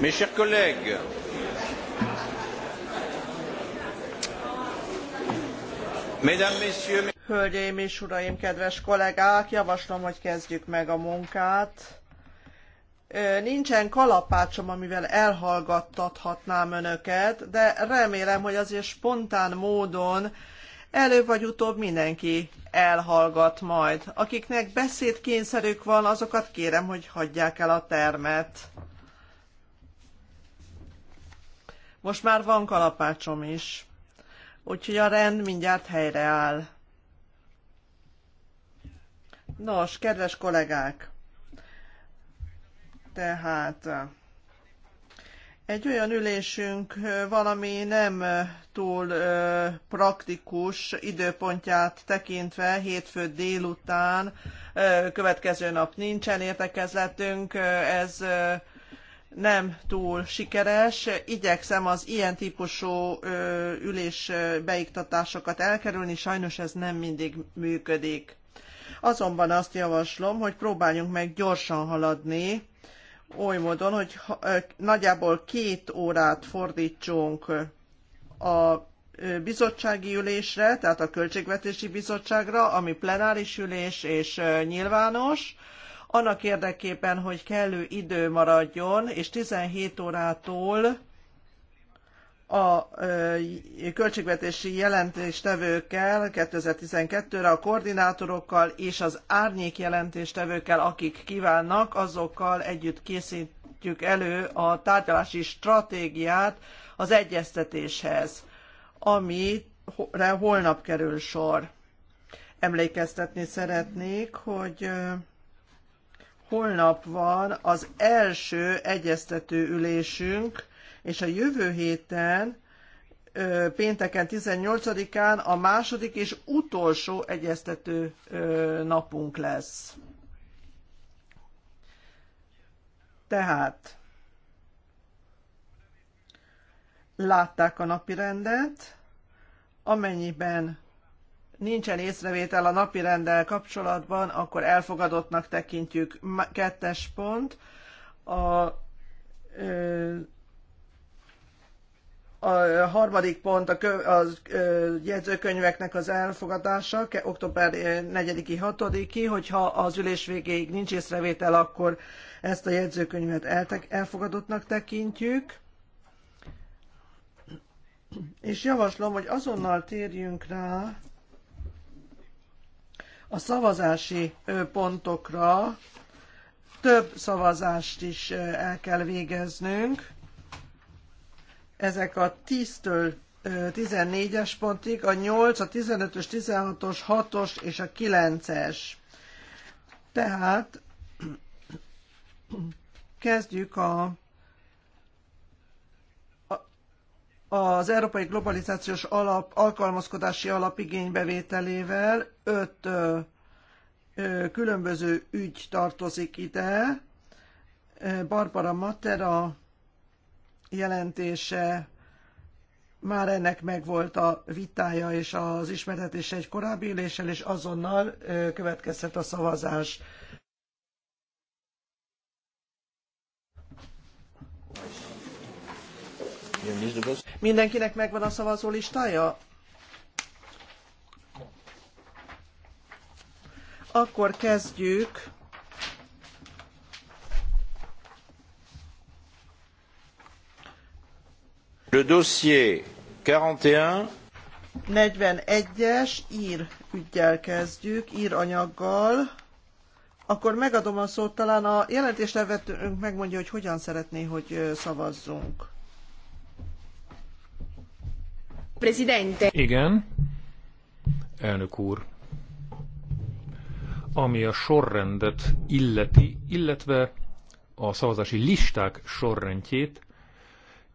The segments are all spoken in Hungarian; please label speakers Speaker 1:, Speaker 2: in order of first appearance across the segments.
Speaker 1: Mes chers collègues, Mesdames, Messieurs,
Speaker 2: Hölgyeim és uraim, kedves kollégák, javaslom, hogy kezdjük meg a munkát. Nincsen kalapácsom, amivel elhallgattathatnám önöket, de remélem, hogy azért spontán módon előbb vagy utóbb mindenki elhallgat majd. Akiknek beszédkényszerük van, azokat kérem, hogy hagyják el a termet. Most már van kalapácsom is. Úgyhogy a rend mindjárt helyreáll. Nos, kedves kollégák! Tehát egy olyan ülésünk valami nem túl ö, praktikus időpontját tekintve, hétfő délután, ö, következő nap nincsen értekezletünk, ö, ez ö, nem túl sikeres. Igyekszem az ilyen típusú ülés beiktatásokat elkerülni, sajnos ez nem mindig működik. Azonban azt javaslom, hogy próbáljunk meg gyorsan haladni, oly módon, hogy nagyjából két órát fordítsunk a bizottsági ülésre, tehát a Költségvetési Bizottságra, ami plenáris ülés és nyilvános, annak érdekében, hogy kellő idő maradjon, és 17 órától a költségvetési jelentéstevőkkel 2012-re, a koordinátorokkal és az árnyék jelentéstevőkkel, akik kívánnak, azokkal együtt készítjük elő a tárgyalási stratégiát az egyeztetéshez, amire holnap kerül sor. Emlékeztetni szeretnék, hogy holnap van az első egyeztető ülésünk, és a jövő héten, pénteken 18-án a második és utolsó egyeztető napunk lesz. Tehát látták a napi rendet, amennyiben nincsen észrevétel a napi rendel kapcsolatban, akkor elfogadottnak tekintjük. Kettes pont. A, a harmadik pont a, kö, a jegyzőkönyveknek az elfogadása, október 4 6-i, hogyha az ülés végéig nincs észrevétel, akkor ezt a jegyzőkönyvet eltek, elfogadottnak tekintjük. És javaslom, hogy azonnal térjünk rá a szavazási pontokra több szavazást is el kell végeznünk. Ezek a 10-től 14-es pontig, a 8, a 15-ös, 16-os, 6-os és a 9-es. Tehát kezdjük a az Európai Globalizációs Alap alkalmazkodási alap igénybevételével öt ö, ö, különböző ügy tartozik ide. Barbara Matera jelentése már ennek megvolt a vitája és az ismertetése egy korábbi üléssel, és azonnal következhet a szavazás. Mindenkinek megvan a szavazó listája? Akkor kezdjük.
Speaker 1: Le dossier 41.
Speaker 2: 41-es ír ügyel kezdjük, ír anyaggal. Akkor megadom a szót, talán a jelentést megmondja, hogy hogyan szeretné, hogy
Speaker 3: szavazzunk. Presidente.
Speaker 4: Igen. Elnök úr. Ami a sorrendet illeti, illetve a szavazási listák sorrendjét,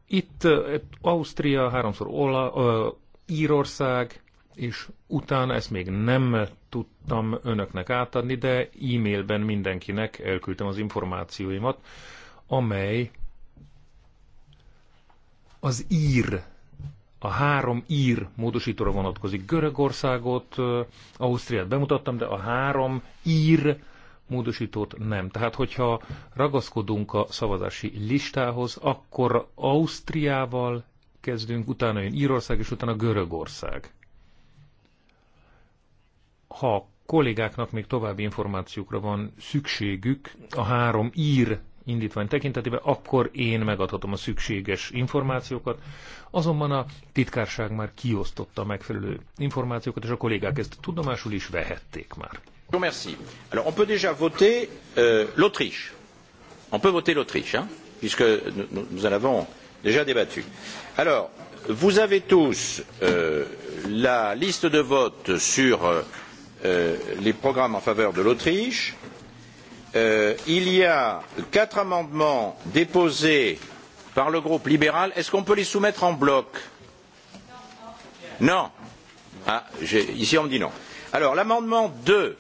Speaker 4: itt eh, Ausztria, háromszor Ola, ö, Írország, és utána ezt még nem tudtam önöknek átadni, de e-mailben mindenkinek elküldtem az információimat, amely az ír a három ír módosítóra vonatkozik. Görögországot, Ausztriát bemutattam, de a három ír módosítót nem. Tehát, hogyha ragaszkodunk a szavazási listához, akkor Ausztriával kezdünk, utána jön Írország, és utána Görögország. Ha kollégáknak még további információkra van szükségük a három ír indítvány tekintetében, akkor én megadhatom a szükséges információkat, azonban a titkárság már kiosztotta a megfelelő információkat, és a kollégák ezt tudomásul is vehették már.
Speaker 1: Merci. Alors on peut déjà voter euh, l'Autriche. On peut voter l'Autriche, hein, puisque nous, nous en avons déjà débattu. Alors, vous avez tous euh, la liste de vote sur euh, euh, les programmes en faveur de l'Autriche. Euh, Euh, il y a quatre amendements déposés par le groupe libéral. Est-ce qu'on peut les soumettre en bloc Non. Ah, ici, on me dit non. Alors, l'amendement deux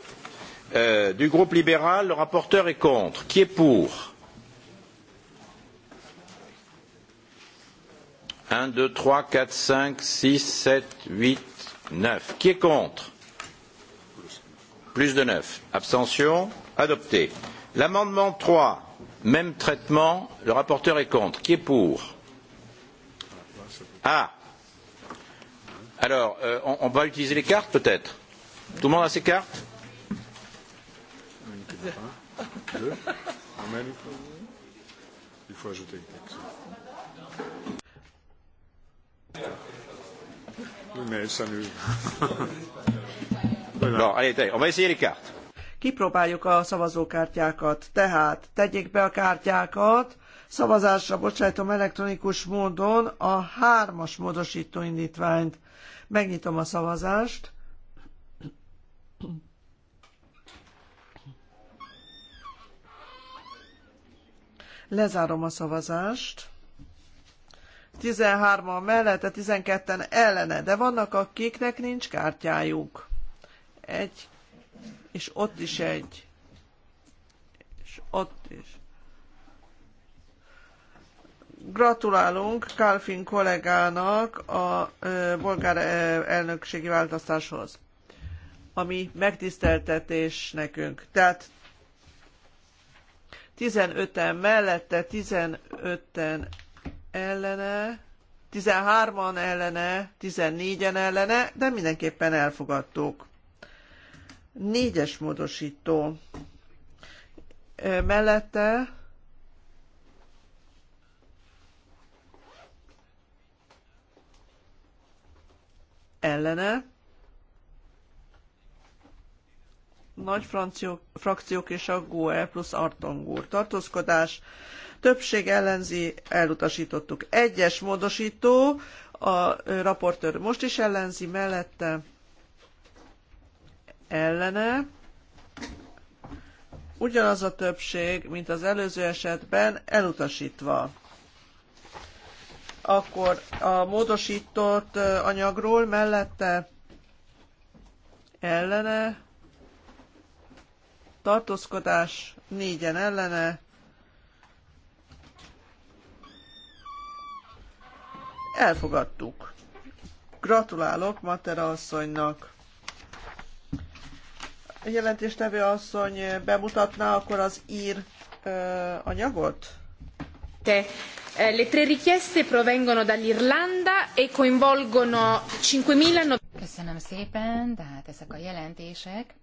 Speaker 1: euh, du groupe libéral, le rapporteur est contre. Qui est pour un deux trois quatre cinq six sept huit neuf Qui est contre Plus de neuf abstentions adopté. L'amendement trois même traitement, le rapporteur est contre. Qui est pour Ah Alors, on, va utiliser les cartes peut-être Tout le monde a ses cartes
Speaker 4: Il faut ajouter une carte. mais elle s'annule.
Speaker 1: voilà. Bon, allez, on va essayer les cartes
Speaker 2: kipróbáljuk a szavazókártyákat. Tehát tegyék be a kártyákat, szavazásra bocsájtom elektronikus módon a hármas módosító indítványt. Megnyitom a szavazást. Lezárom a szavazást. 13 a mellette, 12-en ellene, de vannak akiknek nincs kártyájuk. Egy, és ott is egy, és ott is. Gratulálunk Kálfin kollégának a ö, bolgár elnökségi választáshoz, ami megtiszteltetés nekünk. Tehát 15-en mellette, 15-en ellene, 13-an ellene, 14-en ellene, de mindenképpen elfogadtuk. Négyes módosító mellette ellene nagy franciók, frakciók és a GOE plusz Artongúr tartózkodás. Többség ellenzi, elutasítottuk. Egyes módosító, a raportőr most is ellenzi mellette, ellene. Ugyanaz a többség, mint az előző esetben, elutasítva. Akkor a módosított anyagról mellette ellene, tartózkodás négyen ellene, elfogadtuk. Gratulálok Matera asszonynak! jelentéstevő asszony bemutatná akkor az ír anyagot? Te. Eh, le tre
Speaker 3: richieste provengono dall'Irlanda e coinvolgono 5.000... Köszönöm szépen, tehát ezek a jelentések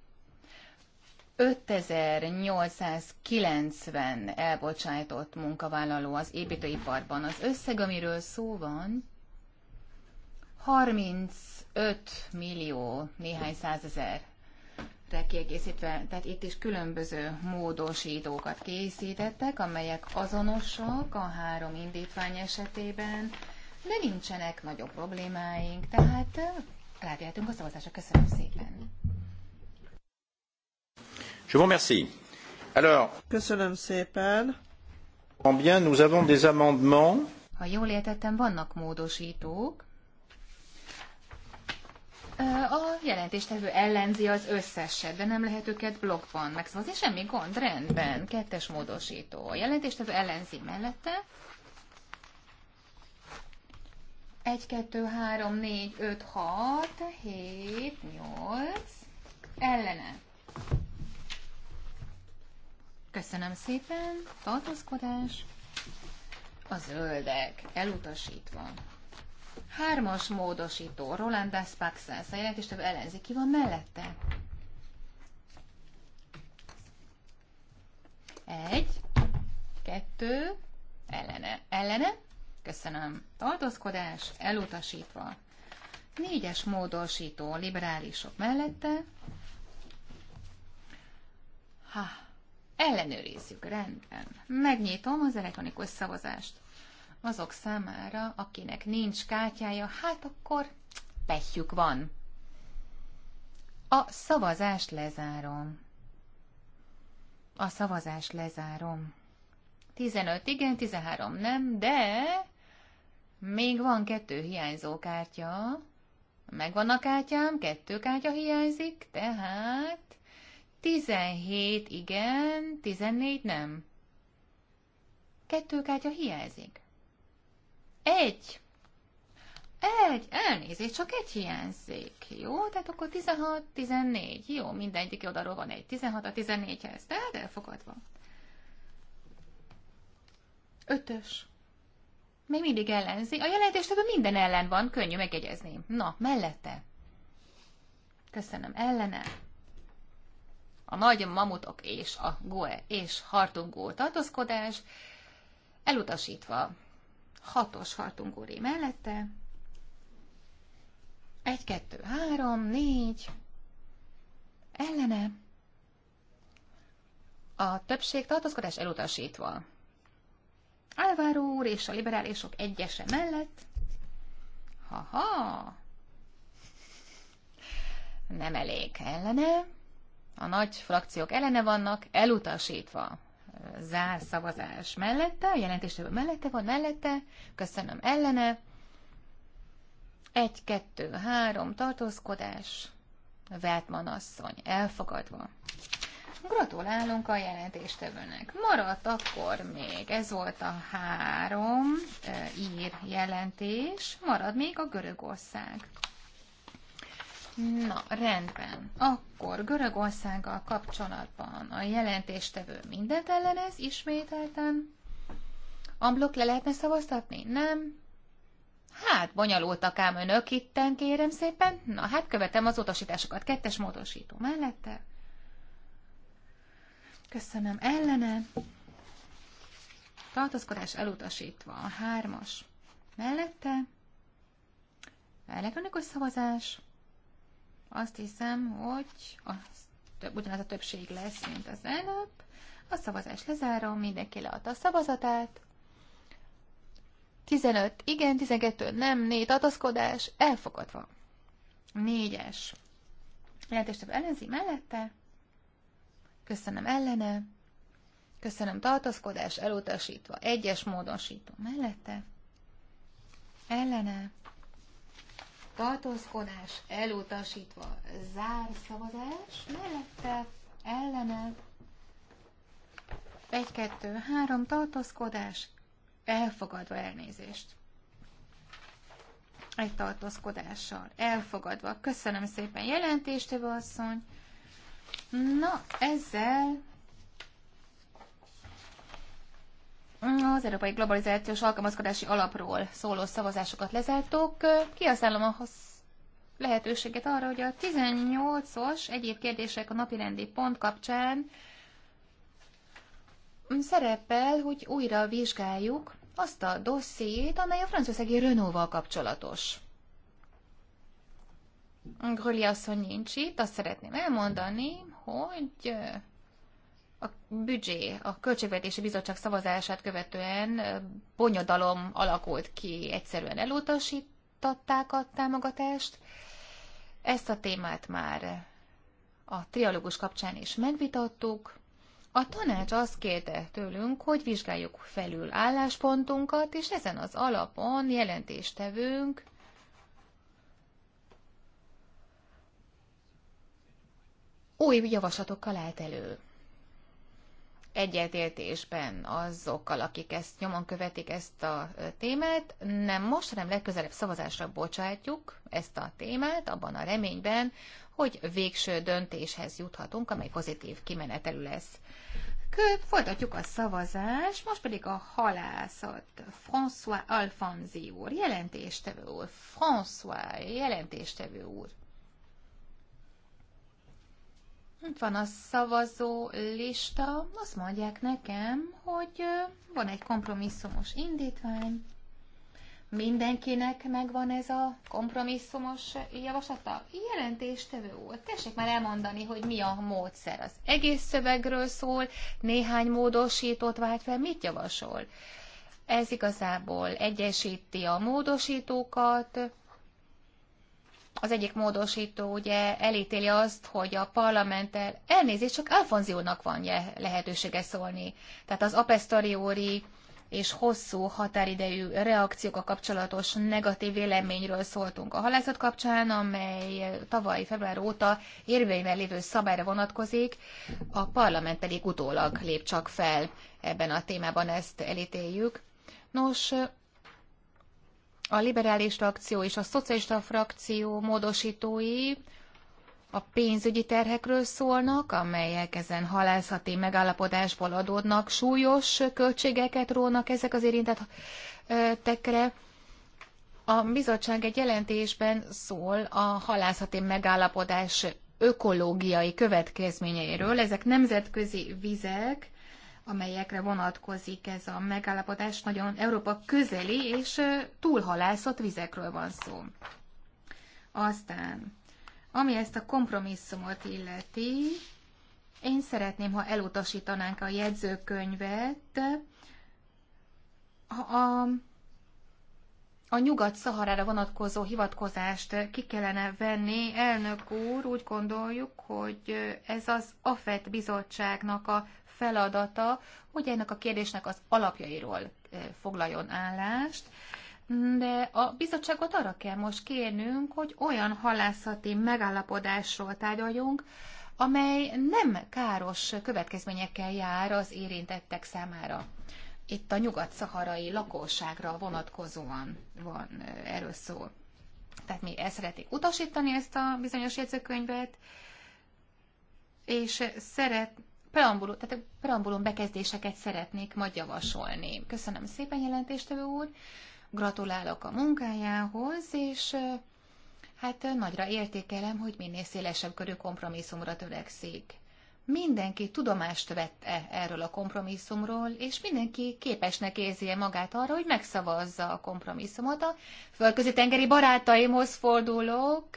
Speaker 3: 5890 elbocsájtott munkavállaló az építőiparban. Az összeg, amiről szó van, 35 millió néhány százezer kiegészítve, tehát itt is különböző módosítókat készítettek, amelyek azonosak a három indítvány esetében, de nincsenek nagyobb problémáink, tehát rájöhetünk a szavazásra. Köszönöm szépen!
Speaker 1: Je vous remercie. Alors, Köszönöm szépen. Bien, nous avons des amendements.
Speaker 3: Ha jól értettem, vannak módosítók. A jelentéstevő ellenzi az összeset, de nem lehet őket blokkban megszavazni. Semmi gond, rendben, kettes módosító. A jelentéstevő ellenzi mellette. 1, 2, 3, 4, 5, 6, 7, 8. Ellene. Köszönöm szépen. Tartózkodás. A zöldek elutasítva. Hármas módosító, Roland Despaxens, a jelentéstevő ellenzi, ki van mellette? Egy, kettő, ellene, ellene, köszönöm, tartózkodás, elutasítva. Négyes módosító, liberálisok mellette. Ha, ellenőrizzük, rendben. Megnyitom az elektronikus szavazást azok számára, akinek nincs kártyája, hát akkor pehjük van. A szavazást lezárom. A szavazást lezárom. 15 igen, 13 nem, de még van kettő hiányzó kártya. Megvan a kártyám, kettő kártya hiányzik, tehát 17 igen, 14 nem. Kettő kártya hiányzik. Egy. Egy, elnézést, csak egy hiányzik. Jó, tehát akkor 16-14. Jó, mindegyik oldalról van egy. 16 a 14-hez, tehát elfogadva. Ötös. Még mindig ellenzi. A jelentéstevő minden ellen van, könnyű megegyezni. Na, mellette. Köszönöm, ellene. A nagy mamutok és a goe és hartungó tartózkodás elutasítva. Hatos haltunk úré mellette. Egy, kettő, három, négy. Ellene. A többség tartózkodás elutasítva. Álváró úr és a liberálisok egyese mellett. Haha! Nem elég ellene. A nagy frakciók ellene vannak, elutasítva zár szavazás mellette, a jelentéstevő mellette van, mellette, köszönöm ellene. Egy, kettő, három, tartózkodás, Veltman asszony, elfogadva. Gratulálunk a jelentéstevőnek. Maradt akkor még, ez volt a három e, ír jelentés, marad még a Görögország. Na, rendben.
Speaker 4: Akkor
Speaker 3: Görögországgal kapcsolatban a jelentéstevő mindent ellenez ismételten. Amblok le lehetne szavaztatni? Nem. Hát, bonyolultak ám önök itten, kérem szépen. Na, hát követem az utasításokat. Kettes módosító mellette. Köszönöm. Ellene. Tartozkodás elutasítva. A hármas. Mellette. Elektronikus szavazás. Azt hiszem, hogy az, ugyanaz a többség lesz, mint az előbb. A szavazás lezárom, mindenki leadta a szavazatát. 15 igen, 12 nem, 4 tartozkodás, elfogadva. 4-es. Jelentéstöbb ellenzi mellette. Köszönöm ellene. Köszönöm tartózkodás elutasítva. Egyes módosító mellette. Ellene tartózkodás elutasítva zár szavazás mellette ellene 1-2-3 tartózkodás elfogadva elnézést. Egy tartózkodással elfogadva. Köszönöm szépen jelentést asszony. Na, ezzel Az Európai Globalizációs Alkalmazkodási Alapról szóló szavazásokat lezártok. Kihasználom a lehetőséget arra, hogy a 18-os egyéb kérdések a napirendi pont kapcsán szerepel, hogy újra vizsgáljuk azt a dossziét, amely a franciaországi Renault-val kapcsolatos. Gröli asszony nincs itt, azt szeretném elmondani, hogy a büdzsé, a Költségvetési Bizottság szavazását követően bonyodalom alakult ki, egyszerűen elutasították a támogatást. Ezt a témát már a trialógus kapcsán is megvitattuk. A tanács azt kérte tőlünk, hogy vizsgáljuk felül álláspontunkat, és ezen az alapon jelentéstevünk. új javaslatokkal állt elő egyetértésben azokkal, akik ezt nyomon követik ezt a témát. Nem most, hanem legközelebb szavazásra bocsátjuk ezt a témát, abban a reményben, hogy végső döntéshez juthatunk, amely pozitív kimenetelű lesz. Kö, folytatjuk a szavazást, most pedig a halászat. François Alfonzi úr, jelentéstevő úr. François, jelentéstevő úr. Itt van a szavazó lista, azt mondják nekem, hogy van egy kompromisszumos indítvány. Mindenkinek megvan ez a kompromisszumos javaslata? Jelentéstevő úr, tessék már elmondani, hogy mi a módszer. Az egész szövegről szól, néhány módosítót vált fel, mit javasol? Ez igazából egyesíti a módosítókat, az egyik módosító ugye elítéli azt, hogy a parlamenttel elnézést csak Alfonziónak van lehetősége szólni. Tehát az apestoriori és hosszú határidejű reakciókkal kapcsolatos negatív véleményről szóltunk a halászat kapcsán, amely tavaly február óta érvényben lévő szabályra vonatkozik, a parlament pedig utólag lép csak fel ebben a témában, ezt elítéljük. Nos, a liberális frakció és a szocialista frakció módosítói a pénzügyi terhekről szólnak, amelyek ezen halászati megállapodásból adódnak, súlyos költségeket rónak ezek az érintettekre. A bizottság egy jelentésben szól a halászati megállapodás ökológiai következményeiről. Ezek nemzetközi vizek, amelyekre vonatkozik ez a megállapodás. Nagyon Európa közeli és túlhalászott vizekről van szó. Aztán, ami ezt a kompromisszumot illeti, én szeretném, ha elutasítanánk a jegyzőkönyvet, a, a nyugat-szaharára vonatkozó hivatkozást ki kellene venni. Elnök úr, úgy gondoljuk, hogy ez az AFET bizottságnak a feladata, hogy ennek a kérdésnek az alapjairól foglaljon állást, de a bizottságot arra kell most kérnünk, hogy olyan halászati megállapodásról tárgyaljunk, amely nem káros következményekkel jár az érintettek számára. Itt a nyugat-szaharai lakosságra vonatkozóan van erről szó. Tehát mi el szeretik utasítani ezt a bizonyos jegyzőkönyvet, és szeret, preambulum, tehát preambulum bekezdéseket szeretnék majd javasolni. Köszönöm szépen, jelentéstevő úr, gratulálok a munkájához, és hát nagyra értékelem, hogy minél szélesebb körű kompromisszumra törekszik. Mindenki tudomást vett -e erről a kompromisszumról, és mindenki képesnek érzi -e magát arra, hogy megszavazza a kompromisszumot. A földközi tengeri barátaimhoz fordulok,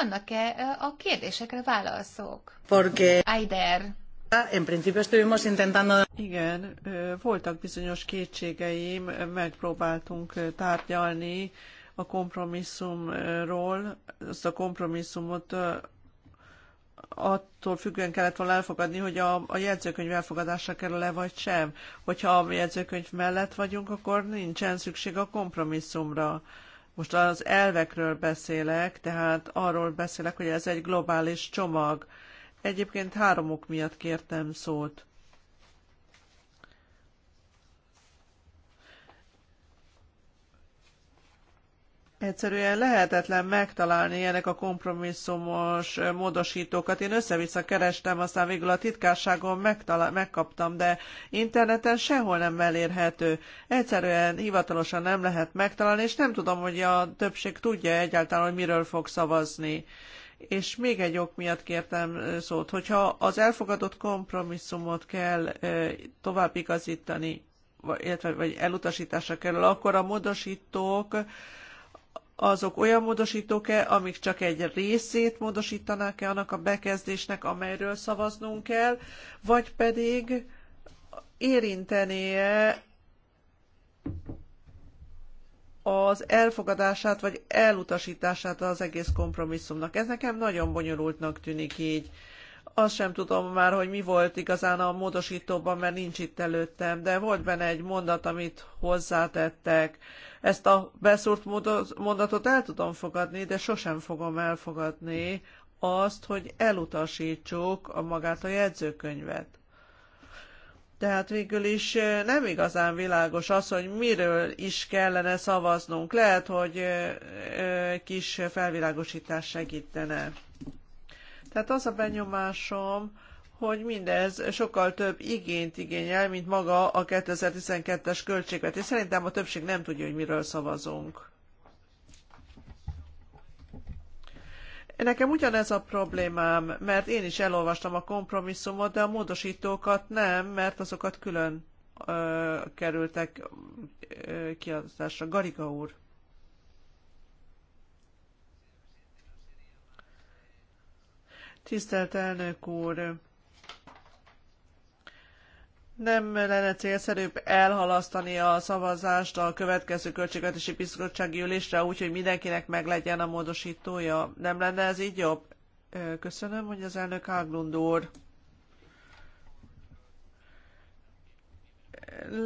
Speaker 3: vannak-e a kérdésekre válaszok? Porque... Aider.
Speaker 2: En principio estuvimos intentando... Igen, voltak bizonyos kétségeim, megpróbáltunk tárgyalni a kompromisszumról, azt a kompromisszumot attól függően kellett volna elfogadni, hogy a, a jegyzőkönyv elfogadásra kerül-e vagy sem. Hogyha a jegyzőkönyv mellett vagyunk, akkor nincsen szükség a kompromisszumra. Most az elvekről beszélek, tehát arról beszélek, hogy ez egy globális csomag. Egyébként három ok miatt kértem szót. Egyszerűen lehetetlen megtalálni ilyenek a kompromisszumos módosítókat. Én össze-vissza kerestem, aztán végül a titkárságon megtalál, megkaptam, de interneten sehol nem elérhető. Egyszerűen hivatalosan nem lehet megtalálni, és nem tudom, hogy a többség tudja egyáltalán, hogy miről fog szavazni. És még egy ok miatt kértem szót, hogyha az elfogadott kompromisszumot kell tovább igazítani, illetve vagy elutasításra kerül, akkor a módosítók azok olyan módosítók-e, amik csak egy részét módosítanák-e annak a bekezdésnek, amelyről szavaznunk kell, vagy pedig érintené-e az elfogadását vagy elutasítását az egész kompromisszumnak. Ez nekem nagyon bonyolultnak tűnik így. Azt sem tudom már, hogy mi volt igazán a módosítóban, mert nincs itt előttem, de volt benne egy mondat, amit hozzátettek ezt a beszúrt mondatot el tudom fogadni, de sosem fogom elfogadni azt, hogy elutasítsuk a magát a jegyzőkönyvet. Tehát végül is nem igazán világos az, hogy miről is kellene szavaznunk. Lehet, hogy kis felvilágosítás segítene. Tehát az a benyomásom, hogy mindez sokkal több igényt igényel, mint maga a 2012-es költségvetés. Szerintem a többség nem tudja, hogy miről szavazunk. Nekem ugyanez a problémám, mert én is elolvastam a kompromisszumot, de a módosítókat nem, mert azokat külön ö, kerültek kiadásra. Gariga úr. Tisztelt elnök úr! nem lenne célszerűbb elhalasztani a szavazást a következő költségvetési bizottsági ülésre, úgyhogy mindenkinek meg legyen a módosítója. Nem lenne ez így jobb? Köszönöm, hogy az elnök Áglund úr.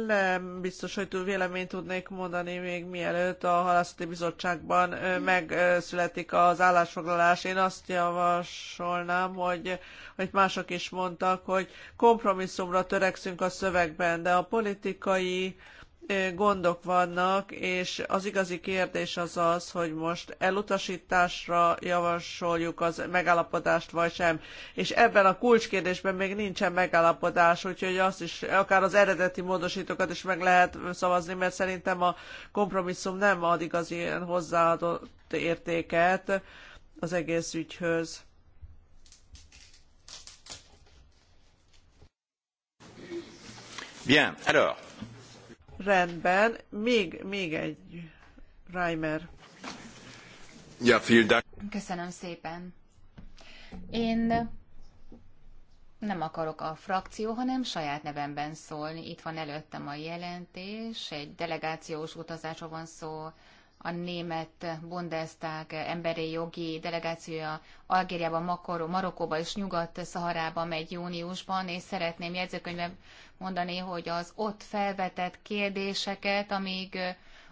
Speaker 2: nem biztos, hogy túl véleményt tudnék mondani még mielőtt a halászati bizottságban megszületik az állásfoglalás. Én azt javasolnám, hogy, hogy mások is mondtak, hogy kompromisszumra törekszünk a szövegben, de a politikai gondok vannak, és az igazi kérdés az az, hogy most elutasításra javasoljuk az megállapodást, vagy sem. És ebben a kulcskérdésben még nincsen megállapodás, úgyhogy azt is, akár az eredeti módosítókat is meg lehet szavazni, mert szerintem a kompromisszum nem ad igazi hozzáadott értéket az egész ügyhöz.
Speaker 1: Bien, alors,
Speaker 2: Rendben, még, még egy Reimer.
Speaker 1: Ja, vielen
Speaker 3: Köszönöm szépen. Én nem akarok a frakció, hanem saját nevemben szólni. Itt van előttem a jelentés, egy delegációs utazásról van szó, a német Bundestag emberi jogi delegációja Algériában, Makoró, Marokkóba és Nyugat-Szaharában megy júniusban, és szeretném jegyzőkönyvben mondani, hogy az ott felvetett kérdéseket, amíg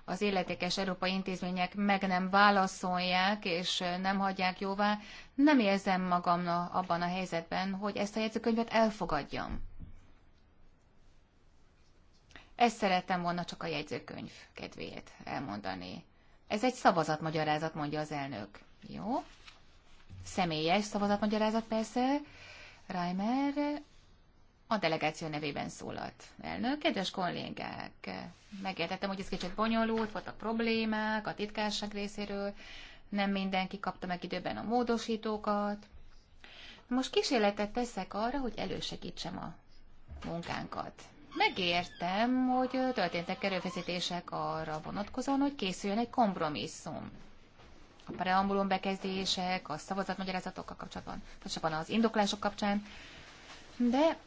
Speaker 3: az életékes európai intézmények meg nem válaszolják, és nem hagyják jóvá, nem érzem magam abban a helyzetben, hogy ezt a jegyzőkönyvet elfogadjam. Ezt szerettem volna csak a jegyzőkönyv kedvéért elmondani. Ez egy szavazatmagyarázat, mondja az elnök. Jó? Személyes szavazatmagyarázat persze. Reimer a delegáció nevében szólalt elnök. Kedves kollégák, megértettem, hogy ez kicsit bonyolult, voltak problémák a titkárság részéről, nem mindenki kapta meg időben a módosítókat. Most kísérletet teszek arra, hogy elősegítsem a munkánkat. Megértem, hogy történtek erőfeszítések arra vonatkozóan, hogy készüljön egy kompromisszum. A preambulum bekezdések, a szavazatmagyarázatokkal kapcsolatban, pontosabban az indoklások kapcsán, de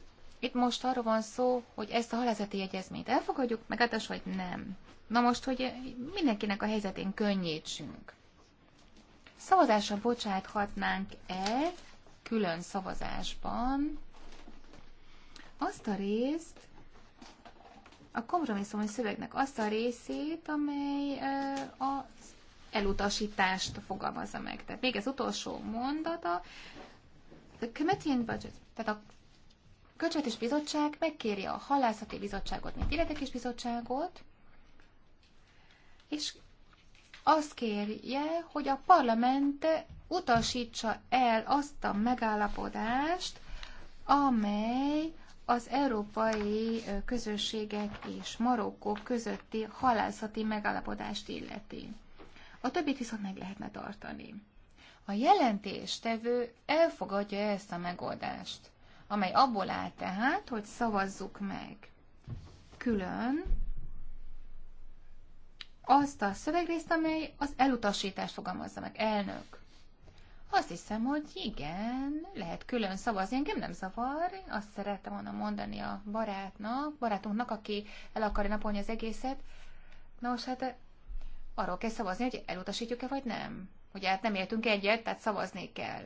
Speaker 3: itt most arról van szó, hogy ezt a halázati egyezményt elfogadjuk, meg hát hogy nem. Na most, hogy mindenkinek a helyzetén könnyítsünk. Szavazásra bocsáthatnánk-e külön szavazásban azt a részt, a kompromisszumos szövegnek azt a részét, amely az elutasítást fogalmazza meg. Tehát még az utolsó mondata, the committee and budget, tehát a Költségvetés Bizottság megkéri a Halászati Bizottságot, mint Illetékes Bizottságot, és azt kérje, hogy a parlament utasítsa el azt a megállapodást, amely az európai közösségek és Marokkó közötti halászati megállapodást illeti. A többit viszont meg lehetne tartani. A jelentéstevő elfogadja ezt a megoldást amely abból áll tehát, hogy szavazzuk meg külön azt a szövegrészt, amely az elutasítást fogalmazza meg, elnök. Azt hiszem, hogy igen, lehet külön szavazni, engem nem zavar. Én azt szerettem volna mondani a barátnak, barátunknak, aki el akarja napolni az egészet. Nos, hát eh, arról kell szavazni, hogy elutasítjuk-e vagy nem. Ugye hát nem értünk egyet, tehát szavazni kell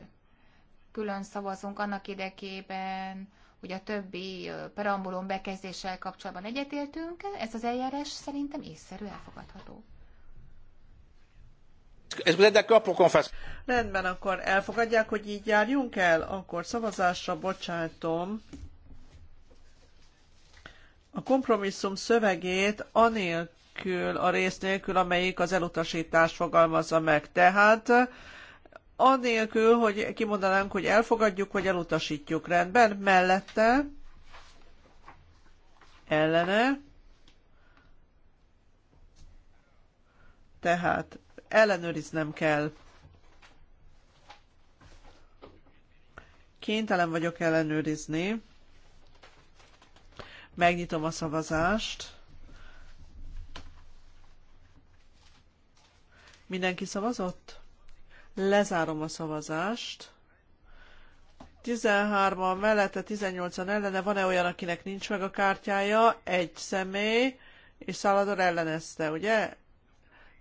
Speaker 3: külön szavazunk annak érdekében, hogy a többi perambulum bekezdéssel kapcsolatban egyetértünk, ez az eljárás szerintem észszerű, elfogadható.
Speaker 2: Rendben, akkor elfogadják, hogy így járjunk el? Akkor szavazásra bocsátom a kompromisszum szövegét anélkül, a rész nélkül, amelyik az elutasítást fogalmazza meg. Tehát anélkül, hogy kimondanánk, hogy elfogadjuk vagy elutasítjuk rendben, mellette, ellene, tehát ellenőriznem kell. Kénytelen vagyok ellenőrizni. Megnyitom a szavazást. Mindenki szavazott? Lezárom a szavazást. 13-an mellette, 18-an ellene. Van-e olyan, akinek nincs meg a kártyája? Egy személy, és Szaladon ellenezte, ugye?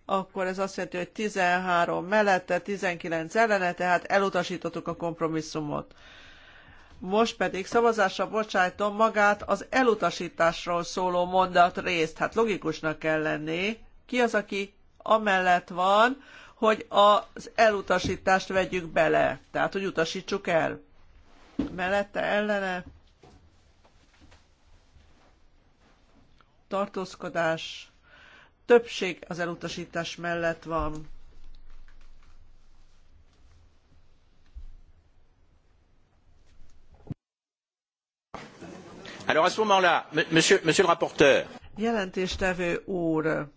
Speaker 2: Akkor ez azt jelenti, hogy 13 mellette, 19 ellene, tehát elutasítottuk a kompromisszumot. Most pedig szavazásra bocsájtom magát az elutasításról szóló mondat részt. Hát logikusnak kell lenni. Ki az, aki amellett van, hogy az elutasítást vegyük bele, tehát hogy utasítsuk el. Mellette ellene tartózkodás, többség az elutasítás mellett van.
Speaker 1: Alors à ce moment-là, monsieur, monsieur le rapporteur.
Speaker 2: Jelentéstevő úr,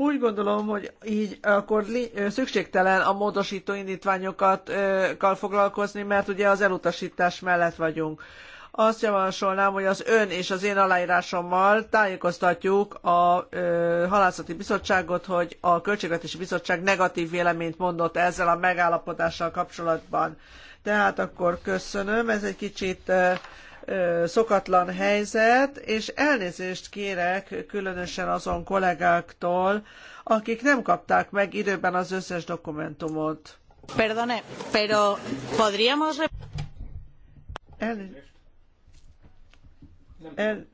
Speaker 2: úgy gondolom, hogy így akkor szükségtelen a módosító indítványokkal foglalkozni, mert ugye az elutasítás mellett vagyunk. Azt javasolnám, hogy az ön és az én aláírásommal tájékoztatjuk a ö, halászati bizottságot, hogy a Költségvetési Bizottság negatív véleményt mondott ezzel a megállapodással kapcsolatban. Tehát akkor köszönöm, ez egy kicsit szokatlan helyzet, és elnézést kérek különösen azon kollégáktól, akik nem kapták meg időben az összes dokumentumot.
Speaker 3: Perdone, pero podríamos... El...
Speaker 4: el El...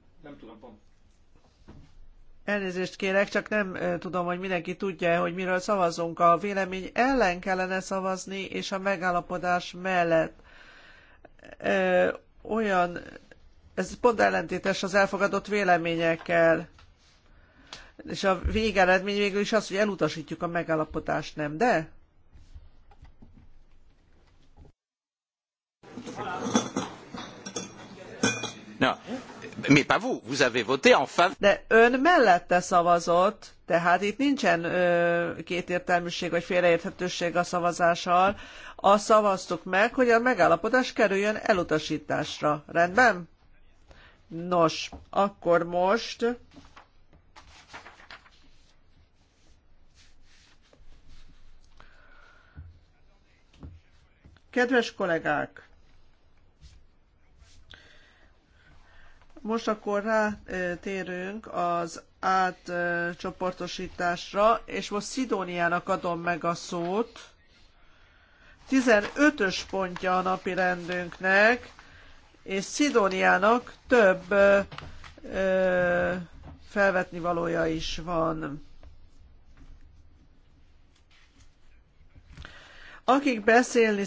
Speaker 2: Elnézést kérek, csak nem tudom, hogy mindenki tudja, hogy miről szavazunk. A vélemény ellen kellene szavazni, és a megállapodás mellett olyan, ez pont ellentétes az elfogadott véleményekkel. És a végeredmény végül is az, hogy elutasítjuk a megállapodást, nem de?
Speaker 1: Na mais pas vous, vous avez voté en faveur.
Speaker 2: De ön mellette szavazott, tehát itt nincsen ö, kétértelműség vagy félreérthetőség a szavazással. Azt szavaztuk meg, hogy a megállapodás kerüljön elutasításra. Rendben? Nos, akkor most... Kedves kollégák! Most akkor rátérünk az átcsoportosításra, és most Szidóniának adom meg a szót. 15-ös pontja a napi rendünknek, és Szidóniának több ö, felvetni valója is van. Akik beszélni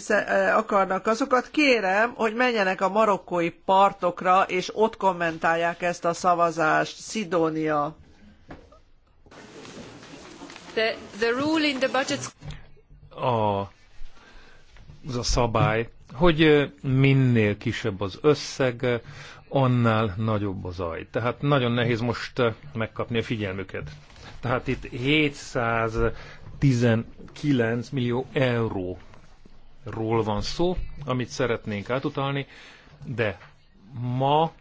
Speaker 2: akarnak azokat, kérem, hogy menjenek a marokkói partokra, és ott kommentálják ezt a szavazást. Szidónia.
Speaker 3: The, the rule in the budget...
Speaker 4: A, az a szabály, hogy minél kisebb az összeg, annál nagyobb az aj. Tehát nagyon nehéz most megkapni a figyelmüket. Tehát itt 700 19 millió euróról van szó, amit szeretnénk átutalni, de ma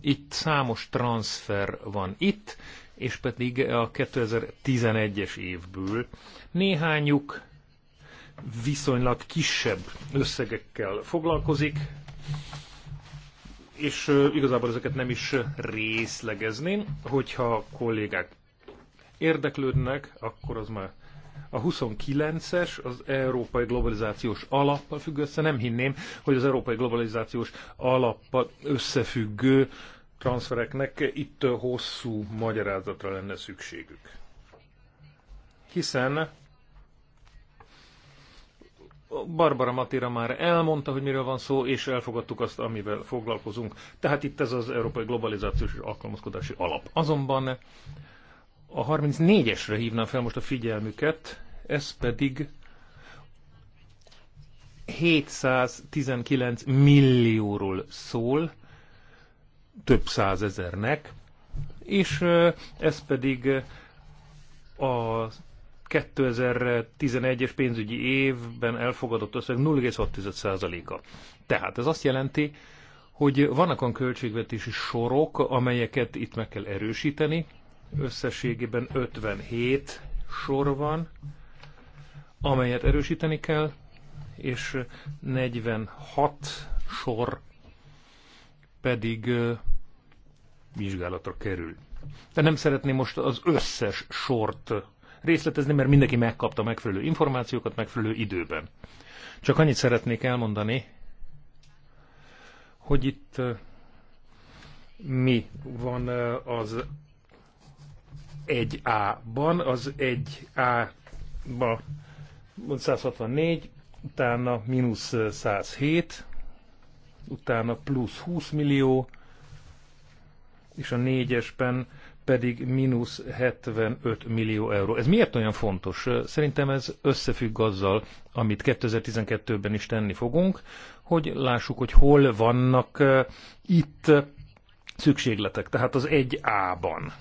Speaker 4: itt számos transfer van itt, és pedig a 2011-es évből néhányuk viszonylag kisebb összegekkel foglalkozik, és igazából ezeket nem is részlegezném, hogyha kollégák érdeklődnek, akkor az már a 29-es az Európai Globalizációs Alappal függ össze. Nem hinném, hogy az Európai Globalizációs Alappal összefüggő transfereknek itt hosszú magyarázatra lenne szükségük. Hiszen Barbara Matira már elmondta, hogy miről van szó, és elfogadtuk azt, amivel foglalkozunk. Tehát itt ez az Európai Globalizációs és Alkalmazkodási Alap. Azonban a 34-esre hívnám fel most a figyelmüket, ez pedig 719 millióról szól, több százezernek, és ez pedig a 2011-es pénzügyi évben elfogadott összeg 0,6%-a. Tehát ez azt jelenti, hogy vannak olyan költségvetési sorok, amelyeket itt meg kell erősíteni, összességében 57 sor van, amelyet erősíteni kell, és 46 sor pedig vizsgálatra kerül. De nem szeretném most az összes sort részletezni, mert mindenki megkapta megfelelő információkat megfelelő időben. Csak annyit szeretnék elmondani, hogy itt mi van az 1A-ban, az 1A-ba 164, utána mínusz 107, utána plusz 20 millió, és a négyesben pedig mínusz 75 millió euró. Ez miért olyan fontos? Szerintem ez összefügg azzal, amit 2012-ben is tenni fogunk, hogy lássuk, hogy hol vannak eh, itt szükségletek, tehát az 1A-ban.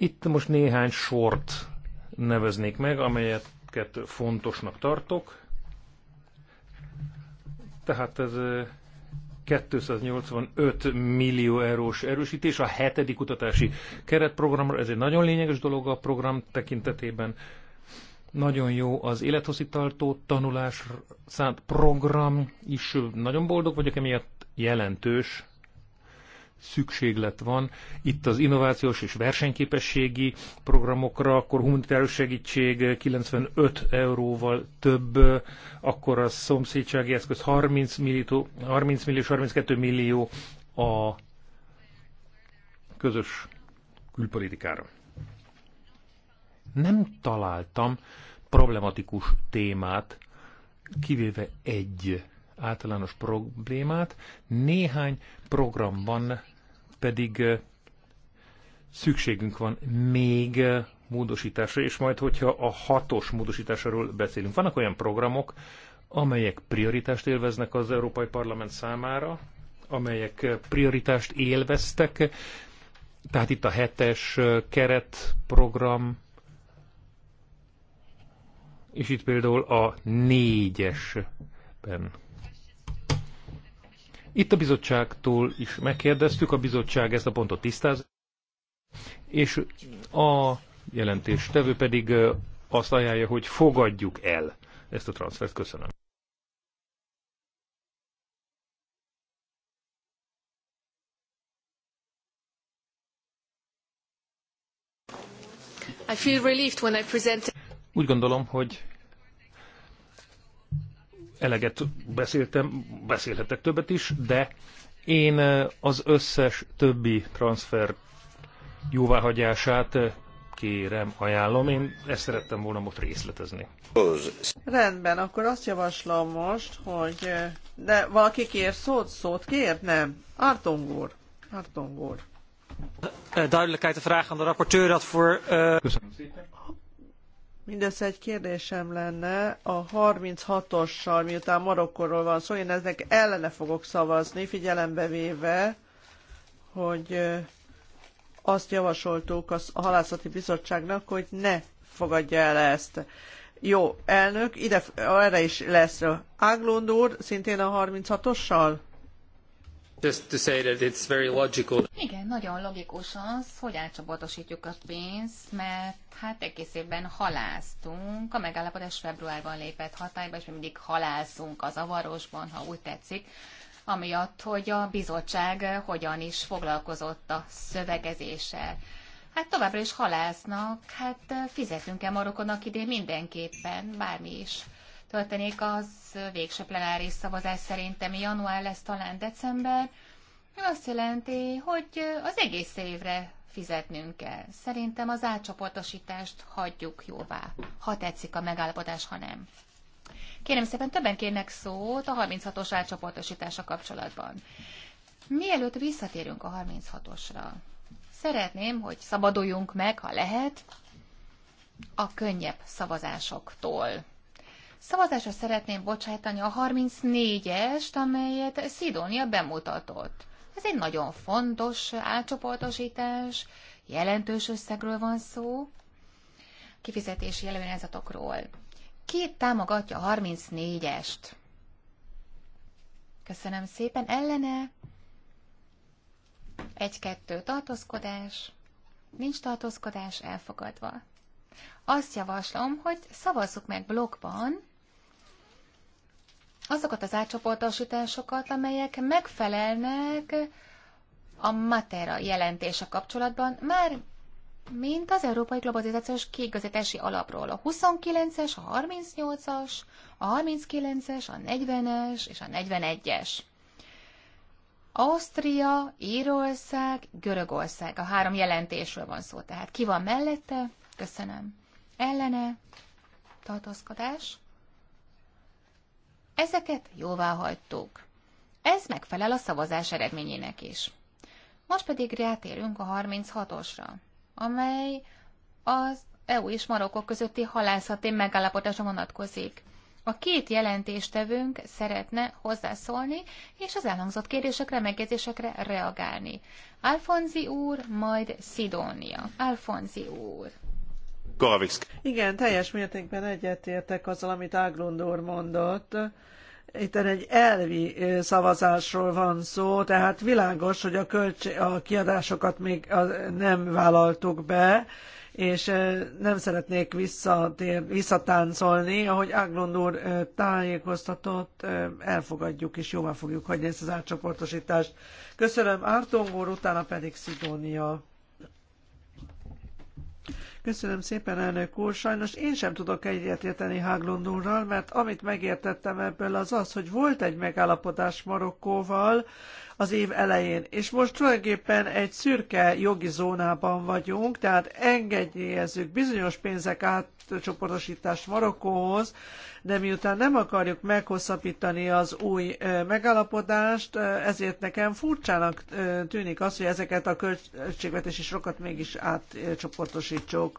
Speaker 4: Itt most néhány sort neveznék meg, amelyeket fontosnak tartok. Tehát ez 285 millió eurós erősítés a hetedik kutatási keretprogramra. Ez egy nagyon lényeges dolog a program tekintetében. Nagyon jó az élethosszítartó tanulás szánt program is. Nagyon boldog vagyok, emiatt jelentős szükséglet van. Itt az innovációs és versenyképességi programokra, akkor humanitárius segítség 95 euróval több, akkor a szomszédsági eszköz 30 millió, 30 millió és 32 millió a közös külpolitikára. Nem találtam problematikus témát, kivéve egy általános problémát, néhány programban pedig szükségünk van még módosításra, és majd, hogyha a hatos módosításról beszélünk. Vannak olyan programok, amelyek prioritást élveznek az Európai Parlament számára, amelyek prioritást élveztek, tehát itt a hetes keretprogram, és itt például a négyesben itt a bizottságtól is megkérdeztük, a bizottság ezt a pontot tisztáz, és a jelentéstevő pedig azt ajánlja, hogy fogadjuk el ezt a transfert. Köszönöm.
Speaker 3: I feel relieved when I present...
Speaker 4: Úgy gondolom, hogy eleget beszéltem, beszélhetek többet is, de én az összes többi transfer jóváhagyását kérem, ajánlom. Én ezt szerettem volna most részletezni.
Speaker 2: Rendben, akkor azt javaslom most, hogy... De valaki kér szót? Szót kér? Nem. Artong úr. Artong
Speaker 4: eh, Duidelijkheid te vragen aan de rapporteur dat voor... Eh, Köszönöm szépen.
Speaker 2: Mindössze egy kérdésem lenne, a 36-ossal, miután Marokkorról van szó, én eznek ellene fogok szavazni, figyelembe véve, hogy azt javasoltuk a halászati bizottságnak, hogy ne fogadja el ezt. Jó, elnök, ide, erre is lesz. Áglund úr, szintén a 36-ossal?
Speaker 4: Just to say that it's very logical.
Speaker 3: Igen, nagyon logikus az, hogy átcsoportosítjuk a pénzt, mert hát egész évben haláztunk. A megállapodás februárban lépett hatályba, és mi mindig halászunk az avarosban, ha úgy tetszik, amiatt, hogy a bizottság hogyan is foglalkozott a szövegezéssel. Hát továbbra is halásznak, hát fizetünk-e marokonak idén mindenképpen, bármi is történik, az végső plenáris szavazás szerintem január lesz, talán december. Azt jelenti, hogy az egész évre fizetnünk kell. Szerintem az átcsoportosítást hagyjuk jóvá, ha tetszik a megállapodás, ha nem. Kérem szépen, többen kérnek szót a 36-os átcsoportosítása kapcsolatban. Mielőtt visszatérünk a 36-osra, szeretném, hogy szabaduljunk meg, ha lehet, a könnyebb szavazásoktól. Szavazásra szeretném bocsájtani a 34-est, amelyet Szidónia bemutatott. Ez egy nagyon fontos átcsoportosítás, jelentős összegről van szó, kifizetési előnyezatokról. Ki támogatja a 34-est? Köszönöm szépen. Ellene? Egy-kettő tartózkodás. Nincs tartózkodás elfogadva. Azt javaslom, hogy szavazzuk meg blokkban azokat az átcsoportosításokat, amelyek megfelelnek a Matera jelentése kapcsolatban, már mint az Európai Globalizációs Kiigazítási Alapról. A 29-es, a 38-as, a 39-es, a 40-es és a 41-es. Ausztria, Írország, Görögország. A három jelentésről van szó. Tehát ki van mellette? Köszönöm. Ellene? Tartózkodás? Ezeket jóvá hagytuk. Ez megfelel a szavazás eredményének is. Most pedig rátérünk a 36-osra, amely az EU és Marokkó közötti halászati megállapodása vonatkozik. A két jelentéstevőnk szeretne hozzászólni, és az elhangzott kérdésekre, megjegyzésekre reagálni. Alfonzi úr, majd Szidónia. Alfonzi úr.
Speaker 2: Igen, teljes mértékben egyetértek azzal, amit Aglund úr mondott. Itt egy elvi szavazásról van szó, tehát világos, hogy a, költség, a kiadásokat még nem vállaltuk be, és nem szeretnék visszatér, visszatáncolni. Ahogy Aglund úr tájékoztatott, elfogadjuk és jóvá fogjuk hagyni ezt az átcsoportosítást. Köszönöm Ártong úr, utána pedig Szidónia. Köszönöm szépen, elnök úr. Sajnos én sem tudok egyetérteni Haglund úrral, mert amit megértettem ebből az az, hogy volt egy megállapodás Marokkóval az év elején, és most tulajdonképpen egy szürke jogi zónában vagyunk, tehát engedélyezzük bizonyos pénzek átcsoportosítást Marokkóhoz, de miután nem akarjuk meghosszabbítani az új megállapodást, ezért nekem furcsának tűnik az, hogy ezeket a költségvetési sokat mégis átcsoportosítsuk.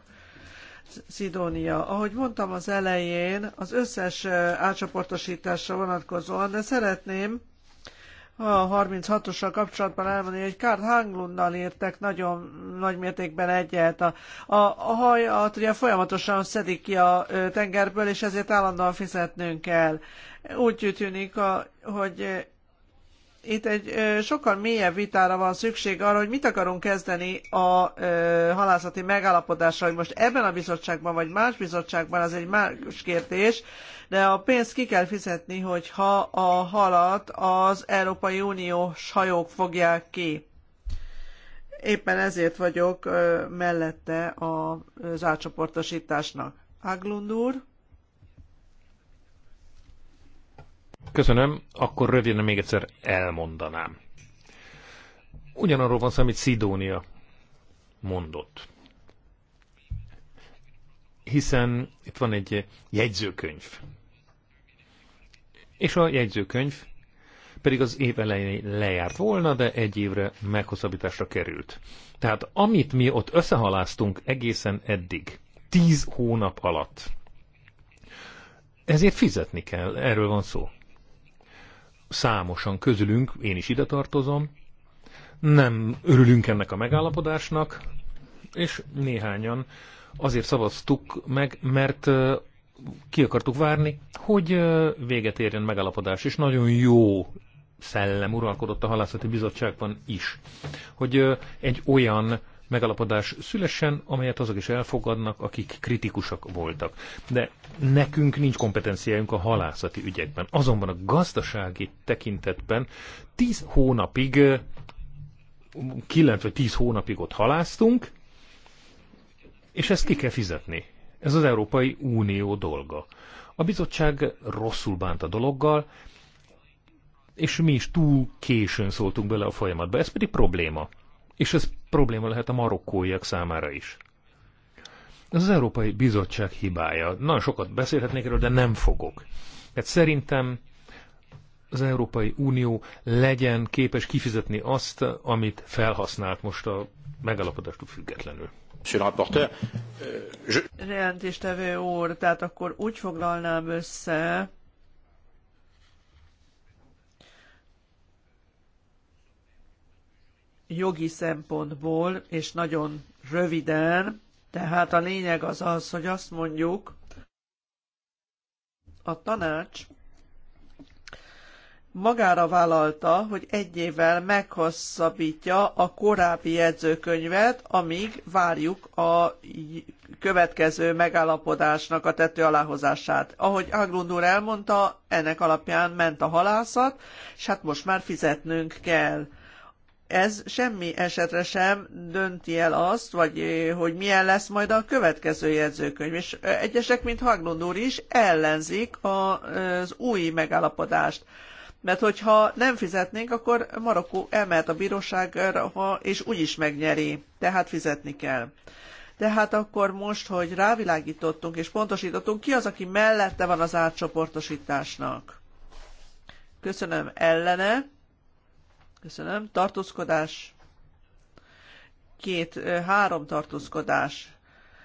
Speaker 2: Szidónia. Ahogy mondtam az elején, az összes átcsoportosításra vonatkozóan, de szeretném a 36-ossal kapcsolatban elmondani, hogy Karl Hanglundnal értek nagyon nagy mértékben egyet. A, a, a hajat ugye folyamatosan szedik ki a tengerből, és ezért állandóan fizetnünk kell. Úgy tűnik, a, hogy itt egy sokkal mélyebb vitára van szükség arra, hogy mit akarunk kezdeni a halászati megállapodásra, hogy most ebben a bizottságban vagy más bizottságban, az egy más kérdés, de a pénzt ki kell fizetni, hogyha a halat az Európai Uniós hajók fogják ki. Éppen ezért vagyok mellette az átcsoportosításnak. Aglund úr?
Speaker 4: Köszönöm, akkor röviden még egyszer elmondanám. Ugyanarról van szó, amit Szidónia mondott. Hiszen itt van egy jegyzőkönyv. És a jegyzőkönyv pedig az év elején lejárt volna, de egy évre meghosszabbításra került. Tehát amit mi ott összehaláztunk egészen eddig, tíz hónap alatt, ezért fizetni kell, erről van szó számosan közülünk, én is ide tartozom, nem örülünk ennek a megállapodásnak, és néhányan azért szavaztuk meg, mert ki akartuk várni, hogy véget érjen megállapodás, és nagyon jó szellem uralkodott a halászati bizottságban is, hogy egy olyan megalapodás szülessen, amelyet azok is elfogadnak, akik kritikusak voltak. De nekünk nincs kompetenciájunk a halászati ügyekben. Azonban a gazdasági tekintetben 10 hónapig, 9 vagy 10 hónapig ott haláztunk, és ezt ki kell fizetni. Ez az Európai Unió dolga. A bizottság rosszul bánt a dologgal, és mi is túl későn szóltunk bele a folyamatba. Ez pedig probléma. És ez probléma lehet a marokkóiak számára is. Ez az Európai Bizottság hibája. Nagyon sokat beszélhetnék erről, de nem fogok. Hát szerintem az Európai Unió legyen képes kifizetni azt, amit felhasznált most a megalapodástól függetlenül. Euh,
Speaker 2: Jelentéstevő úr, tehát akkor úgy foglalnám össze, jogi szempontból, és nagyon röviden, tehát a lényeg az az, hogy azt mondjuk, a tanács magára vállalta, hogy egy évvel meghosszabbítja a korábbi jegyzőkönyvet, amíg várjuk a következő megállapodásnak a tető aláhozását. Ahogy Agrund úr elmondta, ennek alapján ment a halászat, és hát most már fizetnünk kell ez semmi esetre sem dönti el azt, vagy hogy milyen lesz majd a következő jegyzőkönyv. És egyesek, mint Haglund úr is ellenzik az új megállapodást. Mert hogyha nem fizetnénk, akkor Marokkó elmehet a bíróságra, és is megnyeri. Tehát fizetni kell. Tehát akkor most, hogy rávilágítottunk és pontosítottunk, ki az, aki mellette van az átcsoportosításnak? Köszönöm ellene. Köszönöm. Tartózkodás. Két, három tartózkodás.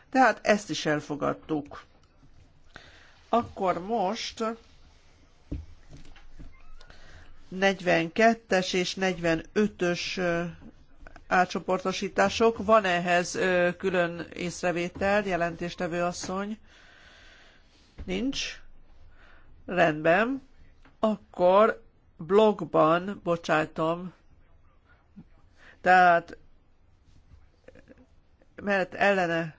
Speaker 2: Tehát ezt is elfogadtuk. Akkor most 42-es és 45-ös átcsoportosítások. Van ehhez külön észrevétel, jelentéstevő asszony? Nincs? Rendben. Akkor blogban bocsátom, tehát mert ellene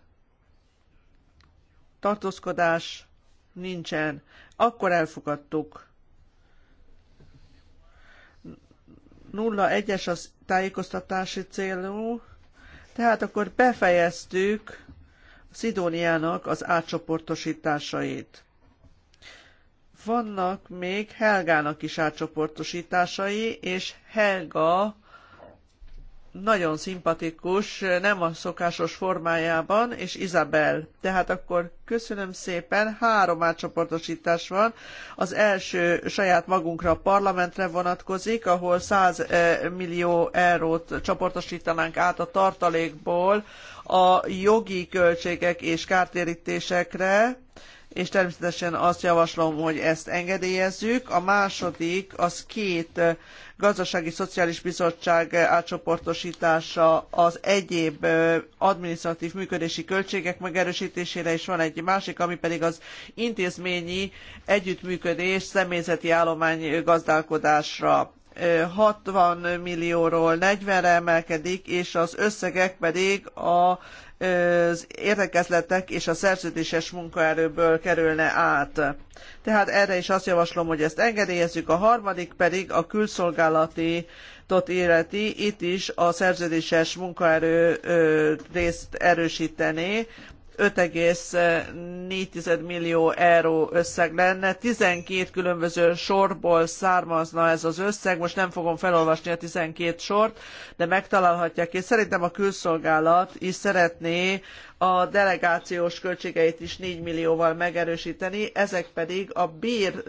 Speaker 2: tartózkodás nincsen. Akkor elfogadtuk. 01-es az tájékoztatási célú, tehát akkor befejeztük Szidóniának az átcsoportosításait vannak még Helgának is átcsoportosításai, és Helga nagyon szimpatikus, nem a szokásos formájában, és Izabel. Tehát akkor köszönöm szépen, három átcsoportosítás van. Az első saját magunkra a parlamentre vonatkozik, ahol 100 eh, millió eurót csoportosítanánk át a tartalékból a jogi költségek és kártérítésekre, és természetesen azt javaslom, hogy ezt engedélyezzük. A második, az két gazdasági szociális bizottság átcsoportosítása az egyéb adminisztratív működési költségek megerősítésére, és van egy másik, ami pedig az intézményi együttműködés személyzeti állomány gazdálkodásra. 60 millióról 40-re emelkedik, és az összegek pedig a az értekezletek és a szerződéses munkaerőből kerülne át. Tehát erre is azt javaslom, hogy ezt engedélyezzük. A harmadik pedig a külszolgálati illeti, itt is a szerződéses munkaerő részt erősítené, 5,4 millió euró összeg lenne. 12 különböző sorból származna ez az összeg, most nem fogom felolvasni a 12 sort, de megtalálhatják, és szerintem a külszolgálat is szeretné a delegációs költségeit is 4 millióval megerősíteni, ezek pedig a bír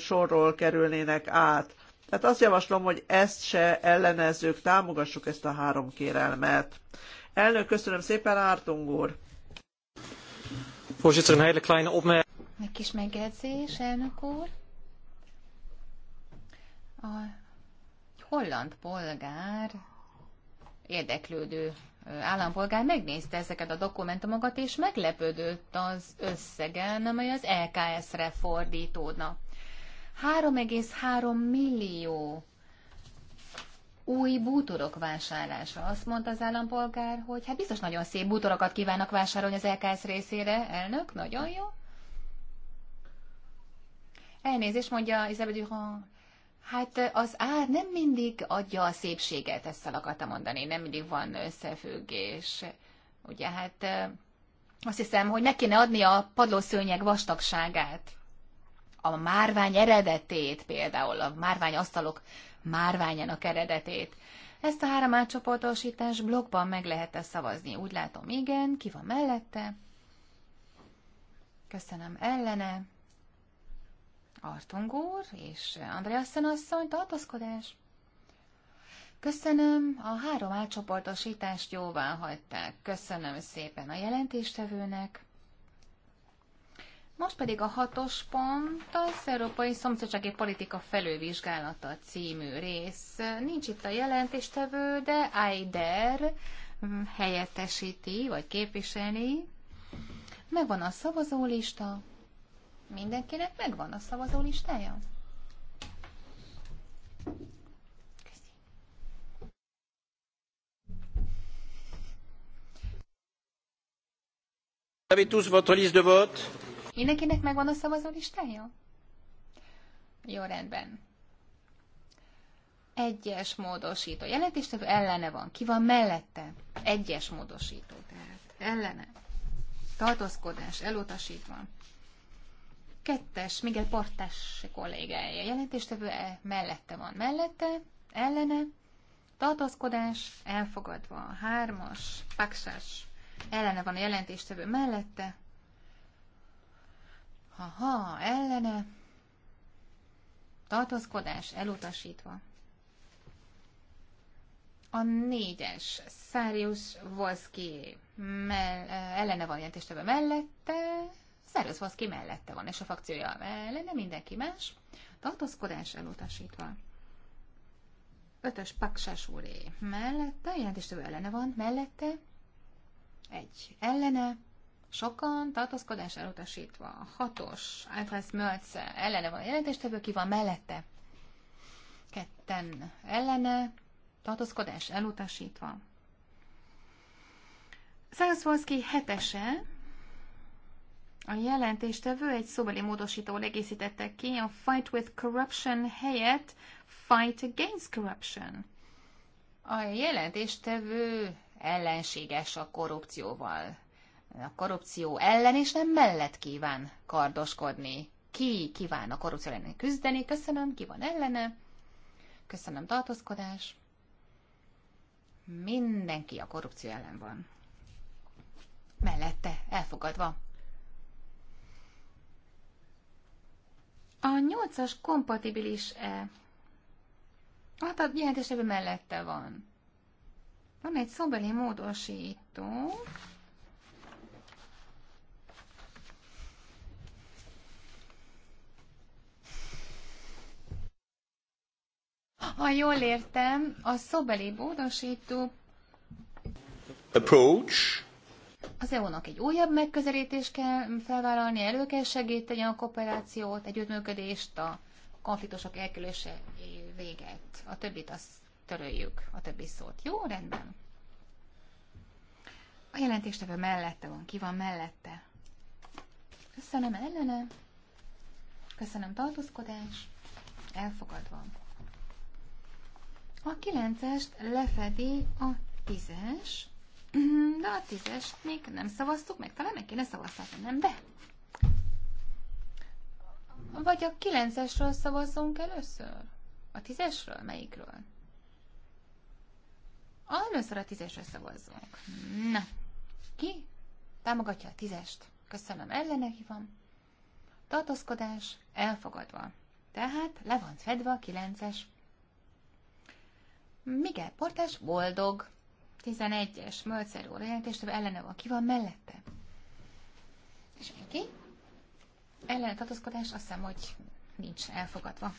Speaker 2: sorról kerülnének át. Tehát azt javaslom, hogy ezt se ellenezzük, támogassuk ezt a három kérelmet. Elnök, köszönöm szépen, Ártung úr!
Speaker 4: Voorzitter, een hele kleine opmerking.
Speaker 3: kis megjegyzés, elnök úr. A holland polgár, érdeklődő állampolgár megnézte ezeket a dokumentumokat, és meglepődött az összegen, amely az LKS-re fordítódna. 3,3 millió új bútorok vásárlása. Azt mondta az állampolgár, hogy hát biztos nagyon szép bútorokat kívánnak vásárolni az LKS részére. Elnök, nagyon jó. Elnézést mondja Isabel Durand. Hát az ár nem mindig adja a szépséget, ezt el akartam mondani, nem mindig van összefüggés. Ugye hát azt hiszem, hogy meg kéne adni a padlószőnyeg vastagságát, a márvány eredetét például, a márvány asztalok márványának eredetét. Ezt a három átcsoportosítás blogban meg lehet szavazni. Úgy látom, igen, ki van mellette. Köszönöm ellene. Artung úr és Andreasen asszony, tartozkodás. Köszönöm, a három átcsoportosítást jóvá hagyták. Köszönöm szépen a jelentéstevőnek. Most pedig a hatos pont az Európai Szomszédsági Politika felővizsgálata című rész. Nincs itt a jelentéstevő, de Aider mm, helyettesíti, vagy képviseli. Megvan a szavazólista. Mindenkinek megvan a szavazólistája?
Speaker 1: Vous avez tous votre liste de vote
Speaker 3: Mindenkinek megvan a szavazó listája? Jó, rendben. Egyes módosító. Jelentéstevő ellene van. Ki van mellette? Egyes módosító, tehát ellene. Tartózkodás elutasítva. Kettes, Miguel Portás kollégája. Jelentéstevő -e mellette van. Mellette, ellene, tartózkodás elfogadva. Hármas, paksás, ellene van a jelentéstevő mellette, ha, ellene. Tartózkodás elutasítva. A négyes, Szárius Voszki mell- ellene van jelentéstevő mellette, Szárius Voszki mellette van, és a fakciója ellene mindenki más. Tartózkodás elutasítva. Ötös Paksás úré mellette, jelentéstevő ellene van, mellette, egy ellene, sokan, tartózkodás elutasítva. A hatos, Alfred Mölce ellene van a jelentéstevő, ki van mellette? Ketten ellene, tartózkodás elutasítva. Szaraszolszki hetese, a jelentéstevő egy szóbeli módosító egészítette ki a Fight with Corruption helyett Fight Against Corruption. A jelentéstevő ellenséges a korrupcióval a korrupció ellen és nem mellett kíván kardoskodni. Ki kíván a korrupció ellen küzdeni? Köszönöm, ki van ellene? Köszönöm, tartózkodás. Mindenki a korrupció ellen van. Mellette, elfogadva. A nyolcas kompatibilis-e? Hát a jelentésében mellette van. Van egy szobeli módosító. Ha jól értem, a szobeli bódosító
Speaker 1: approach
Speaker 3: az eu egy újabb megközelítést kell felvállalni, elő kell segíteni a kooperációt, együttműködést, a konfliktusok elkerülése véget. A többit azt töröljük, a többi szót. Jó, rendben. A jelentéstevő mellette van, ki van mellette? Köszönöm ellene. Köszönöm tartózkodás. Elfogadva. A kilencest lefedi a tízes, de a tízest még nem szavaztuk, meg talán meg kéne szavaztatni, nem? De vagy a 9-esről szavazzunk először? A 10-esről? Melyikről? Először a 10-esről szavazzunk. Na, ki támogatja a 10-est? Köszönöm, ellene ki van. Tartózkodás elfogadva. Tehát le van fedve a 9-es. Miguel Portás boldog. 11-es Mölcer úr jelentéstől ellene van. Ki van mellette? Senki. Ellene tartózkodás azt hiszem, hogy nincs elfogadva.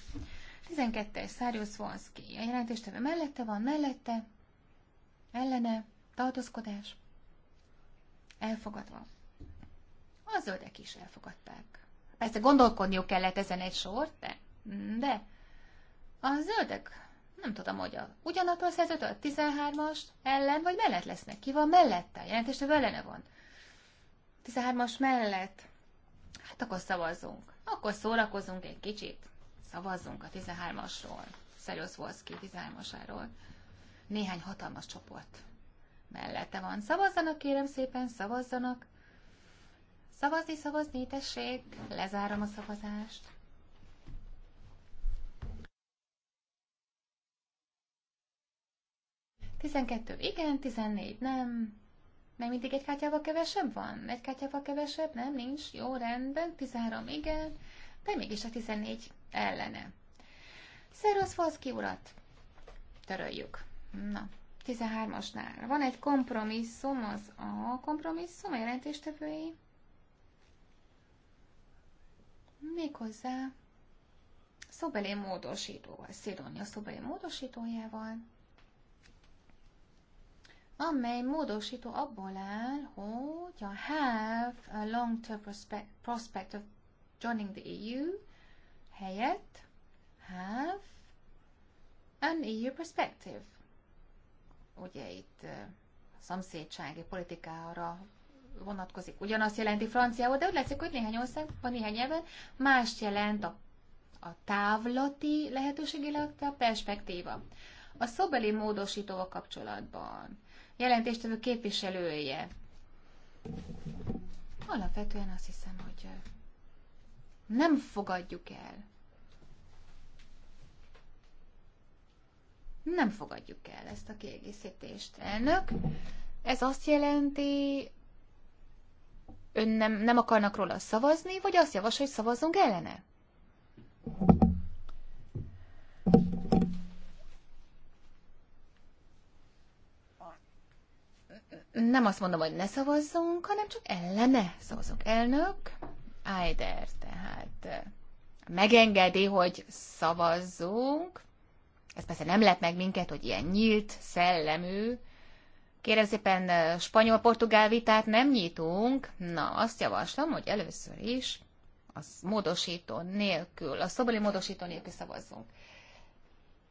Speaker 3: 12-es Száriusz Vonszki. A jelentéstevő mellette van, mellette, ellene, tartózkodás, elfogadva. A zöldek is elfogadták. Persze gondolkodniuk kellett ezen egy sort, de, de a zöldek nem tudom, hogy a ugyanattól szerzőt, a 13-as ellen vagy mellett lesznek. Ki van mellette? Jelentéstől ellene van. 13-as mellett. Hát akkor szavazzunk. Akkor szórakozunk egy kicsit. Szavazzunk a 13-asról. Szerjuszvolszki 13-asáról. Néhány hatalmas csoport mellette van. Szavazzanak, kérem szépen, szavazzanak. Szavazni, szavazni, tessék. Lezárom a szavazást. 12 igen, 14 nem. Még mindig egy kártyával kevesebb van? Egy kártyával kevesebb? Nem, nincs. Jó, rendben. 13 igen, de mégis a 14 ellene. Foszki urat töröljük. Na, 13-asnál. Van egy kompromisszum, az a kompromisszum, a jelentéstevői. Méghozzá szobelé módosítóval, Szidónia szobelé módosítójával amely módosító abból áll, hogy a have a long-term prospect of joining the EU helyett have an EU perspective. Ugye itt szomszédsági politikára vonatkozik. Ugyanazt jelenti franciául, de úgy látszik, hogy néhány országban, néhány nyelven mást jelent a, a távlati lehetőség, illetve a perspektíva. A szobeli módosítóval kapcsolatban jelentéstevő képviselője. Alapvetően azt hiszem, hogy nem fogadjuk el. Nem fogadjuk el ezt a kiegészítést. Elnök, ez azt jelenti, ön nem, nem akarnak róla szavazni, vagy azt javasol, hogy szavazzunk ellene? nem azt mondom, hogy ne szavazzunk, hanem csak ellene szavazunk. Elnök, Eider, tehát megengedi, hogy szavazzunk. Ez persze nem lett meg minket, hogy ilyen nyílt, szellemű. Kérem szépen, spanyol-portugál vitát nem nyitunk. Na, azt javaslom, hogy először is az módosító nélkül, a szobori módosító nélkül szavazzunk.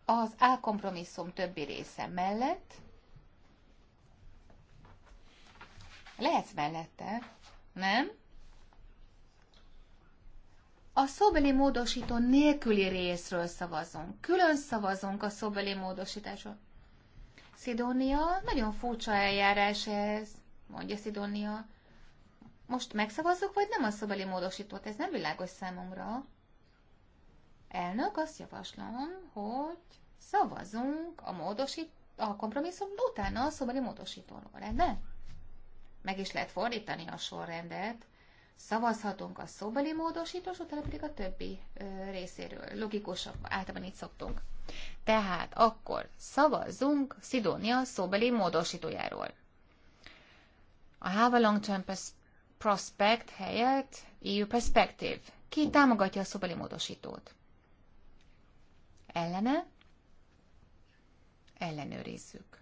Speaker 3: Az A kompromisszum többi része mellett Lehet mellette, nem? A szóbeli módosító nélküli részről szavazunk. Külön szavazunk a szóbeli módosításról. Szidónia, nagyon furcsa eljárás ez, mondja Szidónia. Most megszavazzuk, vagy nem a szobeli módosítót? Ez nem világos számomra. Elnök, azt javaslom, hogy szavazunk a módosít, a kompromisszum utána a szobeli módosítóról, rendben? meg is lehet fordítani a sorrendet, szavazhatunk a szóbeli módosítós, utána pedig a többi ö, részéről. Logikusabb, általában így szoktunk. Tehát akkor szavazzunk Szidónia szóbeli módosítójáról. A Have Long Term Prospect helyett EU Perspective. Ki támogatja a szóbeli módosítót? Ellene? Ellenőrizzük.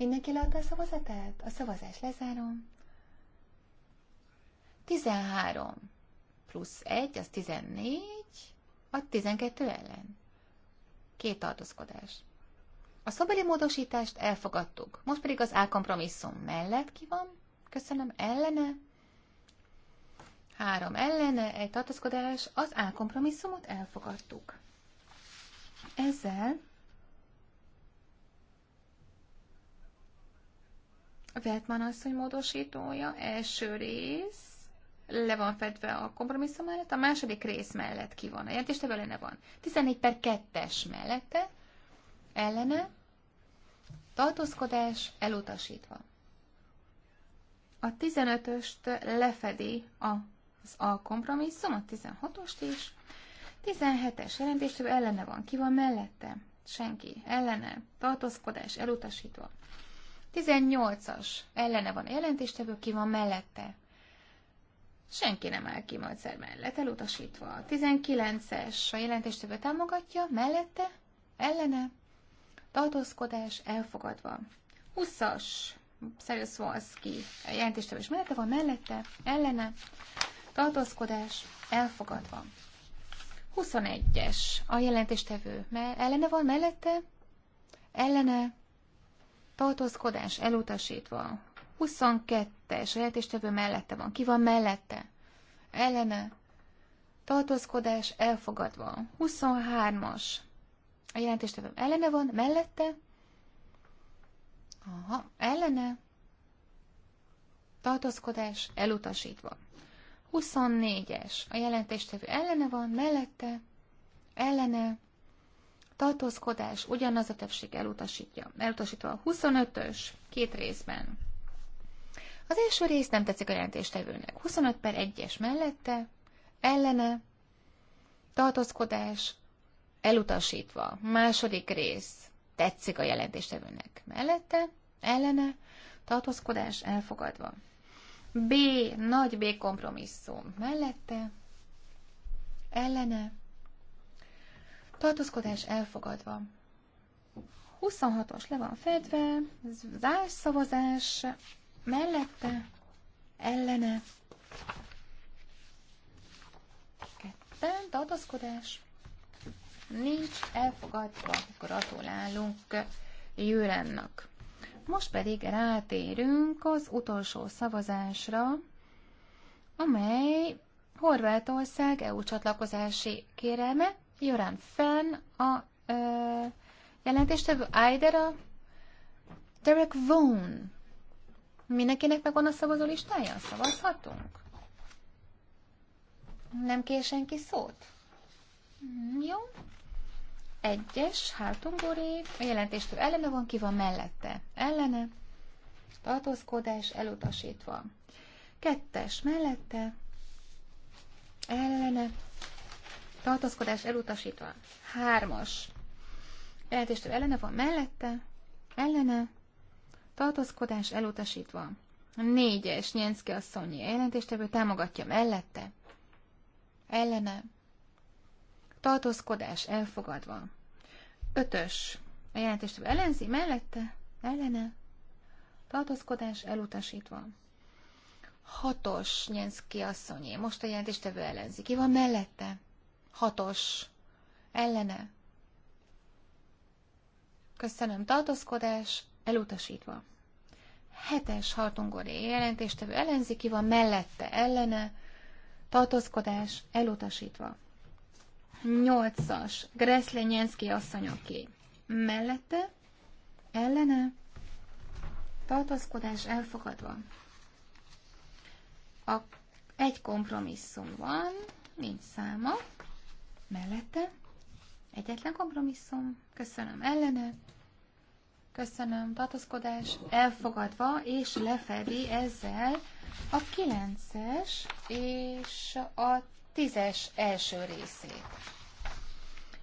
Speaker 3: Mindenki leadta a szavazatát? A szavazás lezárom. 13 plusz 1, az 14, a 12 ellen. Két tartózkodás. A szobeli módosítást elfogadtuk, most pedig az álkompromisszum mellett ki van? Köszönöm, ellene? Három ellene, egy tartózkodás, az álkompromisszumot elfogadtuk. Ezzel Veltman asszony módosítója, első rész, le van fedve a kompromisszum mellett, a második rész mellett ki van. A jelentés, jelentéstevő ellene van. 14 per 2-es mellette, ellene, tartózkodás elutasítva. A 15-öst lefedi az a kompromisszum, a 16-ost is. 17-es jelentés, ellene van, ki van mellette? Senki. Ellene, tartózkodás elutasítva. 18-as ellene van a jelentéstevő, ki van mellette. Senki nem áll ki módszer mellett, elutasítva. 19-es a jelentéstevő támogatja, mellette, ellene, tartózkodás elfogadva. 20-as Szerjusz a jelentéstevő is mellette van, mellette, ellene, tartózkodás elfogadva. 21-es a jelentéstevő ellene van, mellette, ellene, tartózkodás elutasítva. 22-es jelentéstevő mellette van. Ki van mellette? Ellene. Tartózkodás elfogadva. 23-as. A jelentéstevő ellene van, mellette. Aha, ellene. Tartózkodás elutasítva. 24-es. A jelentéstevő ellene van, mellette. Ellene tartózkodás, ugyanaz a többség elutasítja. Elutasítva a 25-ös, két részben. Az első rész nem tetszik a jelentéstevőnek. 25 per 1-es mellette, ellene, tartózkodás, elutasítva. Második rész tetszik a jelentéstevőnek. Mellette, ellene, tartózkodás elfogadva. B, nagy B kompromisszum. Mellette, ellene, tartózkodás elfogadva. 26-os le van fedve, zárszavazás mellette, ellene, ketten, tartózkodás, nincs elfogadva, gratulálunk Jőrennak. Most pedig rátérünk az utolsó szavazásra, amely Horvátország EU csatlakozási kérelme, Jorán Fenn, a uh, jelentéstevő Aider, Derek Vaughan. Mindenkinek megvan a szavazó listája? Szavazhatunk? Nem kér senki szót? Jó. Egyes, hátungori, a jelentéstől ellene van, ki van mellette? Ellene. Tartózkodás elutasítva. Kettes mellette. Ellene tartózkodás elutasítva. Hármas. Jelentéstől ellene van mellette, ellene, tartózkodás elutasítva. Négyes, Nyenszki asszonyi jelentéstevő támogatja mellette, ellene, tartózkodás elfogadva. Ötös, a jelentéstevő ellenzi mellette, ellene, tartózkodás elutasítva. Hatos, Nyenszki asszonyi, most a jelentéstevő ellenzi. Ki van mellette? Hatos. Ellene. Köszönöm. Tartózkodás. Elutasítva. Hetes hartungori jelentéstevő ki van, mellette ellene. Tartózkodás. Elutasítva. Nyolcas. Greszlényenszki asszonyoké. Mellette. Ellene. Tartózkodás elfogadva. A egy kompromisszum van, nincs száma, mellette. Egyetlen kompromisszum. Köszönöm ellene. Köszönöm tartozkodás. Elfogadva, és lefedi ezzel a 9-es és a 10-es első részét.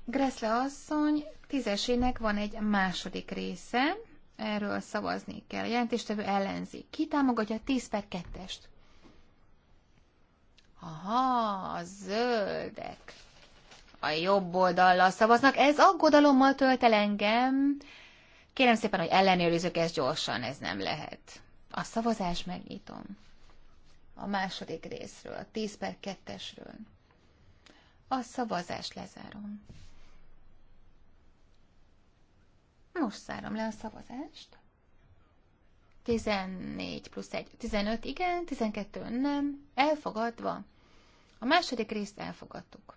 Speaker 3: Greszle asszony tízesének van egy második része, erről szavazni kell. A jelentéstevő ellenzi. Ki támogatja a 10 per 2-est? Aha, a zöldek a jobb oldallal szavaznak. Ez aggodalommal tölt el engem. Kérem szépen, hogy ellenőrizzük ezt gyorsan, ez nem lehet. A szavazás megnyitom. A második részről, a 10 per 2-esről. A szavazást lezárom. Most zárom le a szavazást. 14 plusz 1, 15 igen, 12 nem, elfogadva. A második részt elfogadtuk.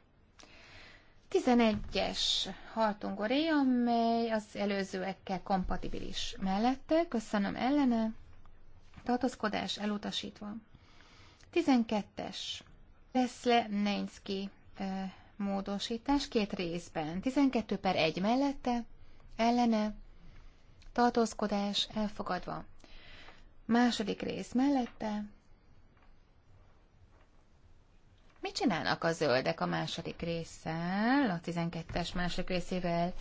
Speaker 3: 11-es haltungoré, amely az előzőekkel kompatibilis mellette, köszönöm ellene, tartózkodás elutasítva. 12-es Leszle Nenszki e, módosítás két részben, 12 per 1 mellette, ellene, tartózkodás elfogadva. Második rész mellette, Mit csinálnak a zöldek a második résszel, a 12-es második részével?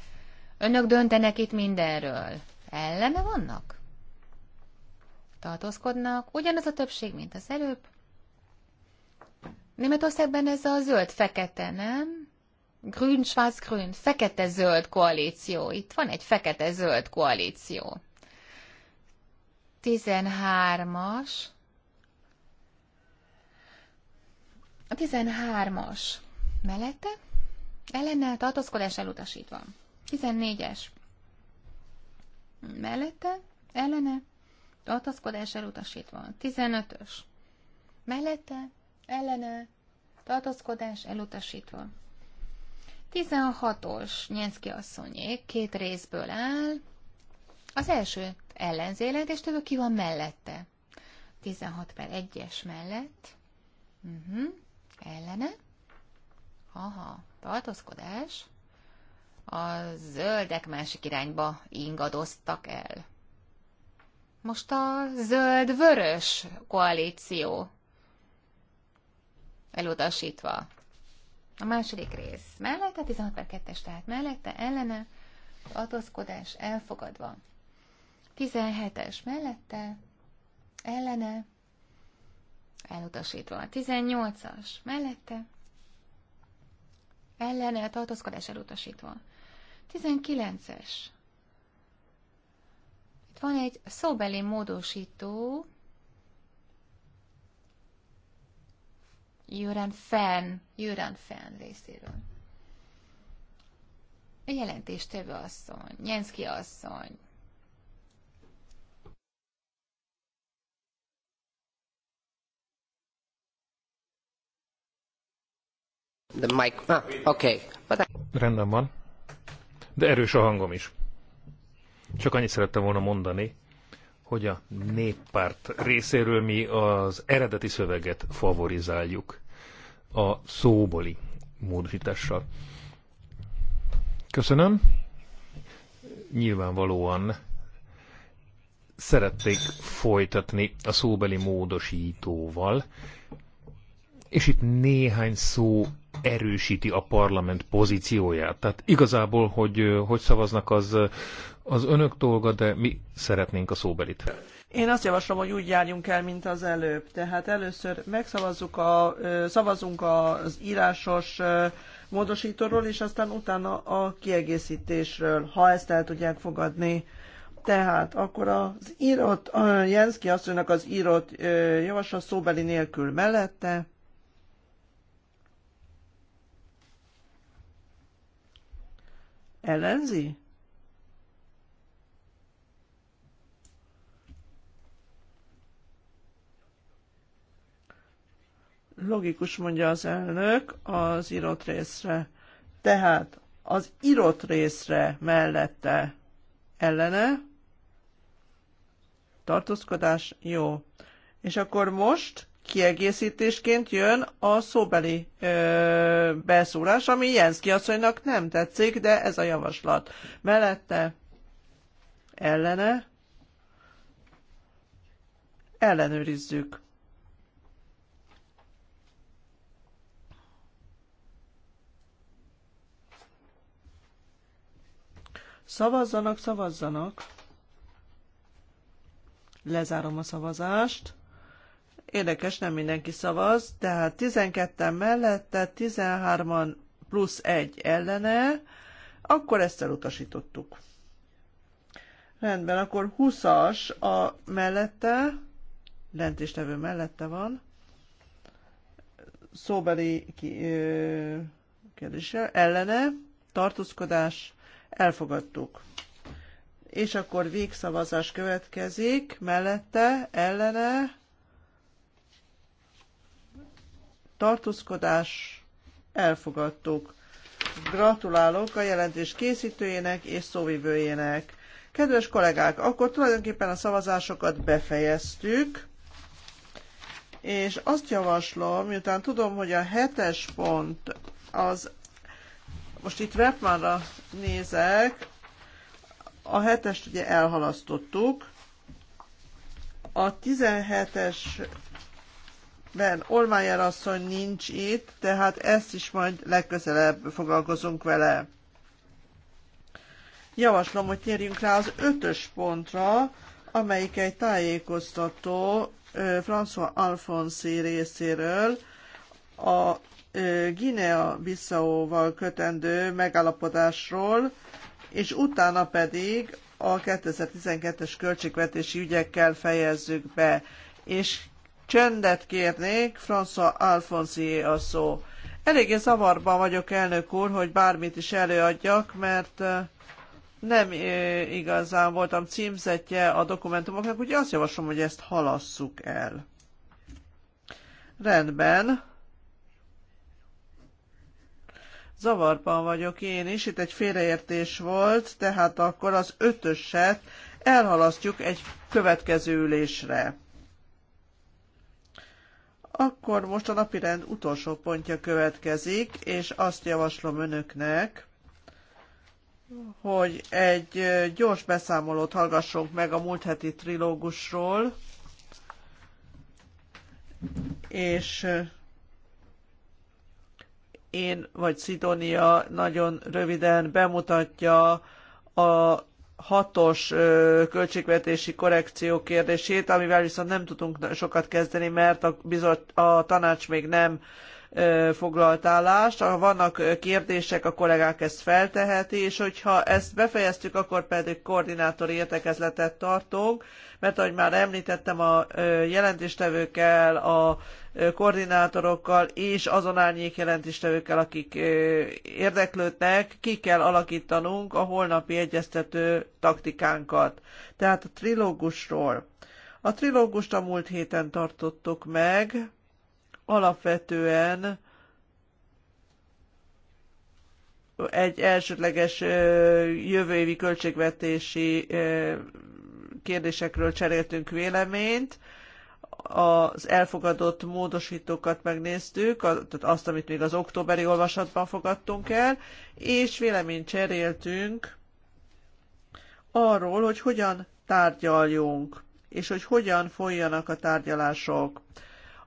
Speaker 3: Önök döntenek itt mindenről. Ellene vannak? Tartózkodnak, ugyanaz a többség, mint az előbb. Németországban ez a zöld-fekete, nem? Grün, schwarz, grün, fekete-zöld koalíció. Itt van egy fekete-zöld koalíció. 13-as, A 13-as mellette ellene tartózkodás elutasítva. 14-es mellette ellene tartózkodás elutasítva. 15-ös mellette ellene tartózkodás elutasítva. 16-os Nyenszki asszonyék két részből áll. Az első ellenzélet, és tudod, ki van mellette. 16 per 1-es mellett. Uh-huh ellene. Aha, tartózkodás. A zöldek másik irányba ingadoztak el. Most a zöld-vörös koalíció elutasítva. A második rész mellette, 16 per 2-es, tehát mellette, ellene, tartózkodás elfogadva. 17-es mellette, ellene, elutasítva. A 18-as mellette ellene tartózkodás elutasítva. 19-es. Itt van egy szóbeli módosító. Jürgen Fenn, Jürgen Fenn részéről. A jelentéstevő asszony, Jenszki asszony, The mic. Ah, okay. But I...
Speaker 4: Rendben van. De erős a hangom is. Csak annyit szerettem volna mondani, hogy a néppárt részéről mi az eredeti szöveget favorizáljuk a szóbeli módosítással. Köszönöm. Nyilvánvalóan szerették folytatni a szóbeli módosítóval, és itt néhány szó erősíti a parlament pozícióját. Tehát igazából, hogy hogy szavaznak, az, az önök dolga, de mi szeretnénk a szóbelit.
Speaker 2: Én azt javaslom, hogy úgy járjunk el, mint az előbb. Tehát először megszavazzuk a, szavazunk az írásos módosítóról, és aztán utána a kiegészítésről, ha ezt el tudják fogadni. Tehát akkor az írott, Jenszki mondja, az írott javaslat szóbeli nélkül mellette, Ellenzi? Logikus, mondja az elnök, az írott részre. Tehát az írott részre mellette ellene tartózkodás jó. És akkor most kiegészítésként jön a szóbeli ö, beszúrás, ami Jenszki asszonynak nem tetszik, de ez a javaslat. Mellette ellene ellenőrizzük. Szavazzanak, szavazzanak. Lezárom a szavazást. Érdekes, nem mindenki szavaz, tehát 12 mellette, 13-an plusz 1 ellene, akkor ezt elutasítottuk. Rendben, akkor 20-as a mellette, lent is jelentéstevő mellette van, szóbeli kérdésre ellene, tartózkodás, elfogadtuk. És akkor végszavazás következik, mellette, ellene, tartózkodás, elfogadtuk. Gratulálok a jelentés készítőjének és szóvivőjének. Kedves kollégák, akkor tulajdonképpen a szavazásokat befejeztük, és azt javaslom, miután tudom, hogy a hetes pont az, most itt webmára nézek, a hetest ugye elhalasztottuk, a 17-es Ben Olmájer asszony nincs itt, tehát ezt is majd legközelebb foglalkozunk vele. Javaslom, hogy térjünk rá az ötös pontra, amelyik egy tájékoztató François Alfonsi részéről a Guinea-Bissau-val kötendő megállapodásról, és utána pedig a 2012-es költségvetési ügyekkel fejezzük be és Csendet kérnék, François Alfonsi a szó. Eléggé zavarban vagyok, elnök úr, hogy bármit is előadjak, mert nem igazán voltam címzetje a dokumentumoknak, úgyhogy azt javaslom, hogy ezt halasszuk el. Rendben. Zavarban vagyok én is, itt egy félreértés volt, tehát akkor az ötöset elhalasztjuk egy következő ülésre. Akkor most a napirend utolsó pontja következik, és azt javaslom önöknek, hogy egy gyors beszámolót hallgassunk meg a múlt heti trilógusról, és én vagy Szidonia nagyon röviden bemutatja a hatos költségvetési korrekció kérdését, amivel viszont nem tudunk sokat kezdeni, mert a, bizot, a tanács még nem foglalt állást. Ha vannak kérdések, a kollégák ezt felteheti, és hogyha ezt befejeztük, akkor pedig koordinátori értekezletet tartunk, mert ahogy már említettem, a jelentéstevőkkel, a koordinátorokkal és azon árnyék jelentéstevőkkel, akik érdeklődnek, ki kell alakítanunk a holnapi egyeztető taktikánkat. Tehát a trilógusról. A trilógust a múlt héten tartottuk meg, alapvetően egy elsődleges jövő évi költségvetési kérdésekről cseréltünk véleményt, az elfogadott módosítókat megnéztük, tehát azt, amit még az októberi olvasatban fogadtunk el, és véleményt cseréltünk arról, hogy hogyan tárgyaljunk, és hogy hogyan folyjanak a tárgyalások.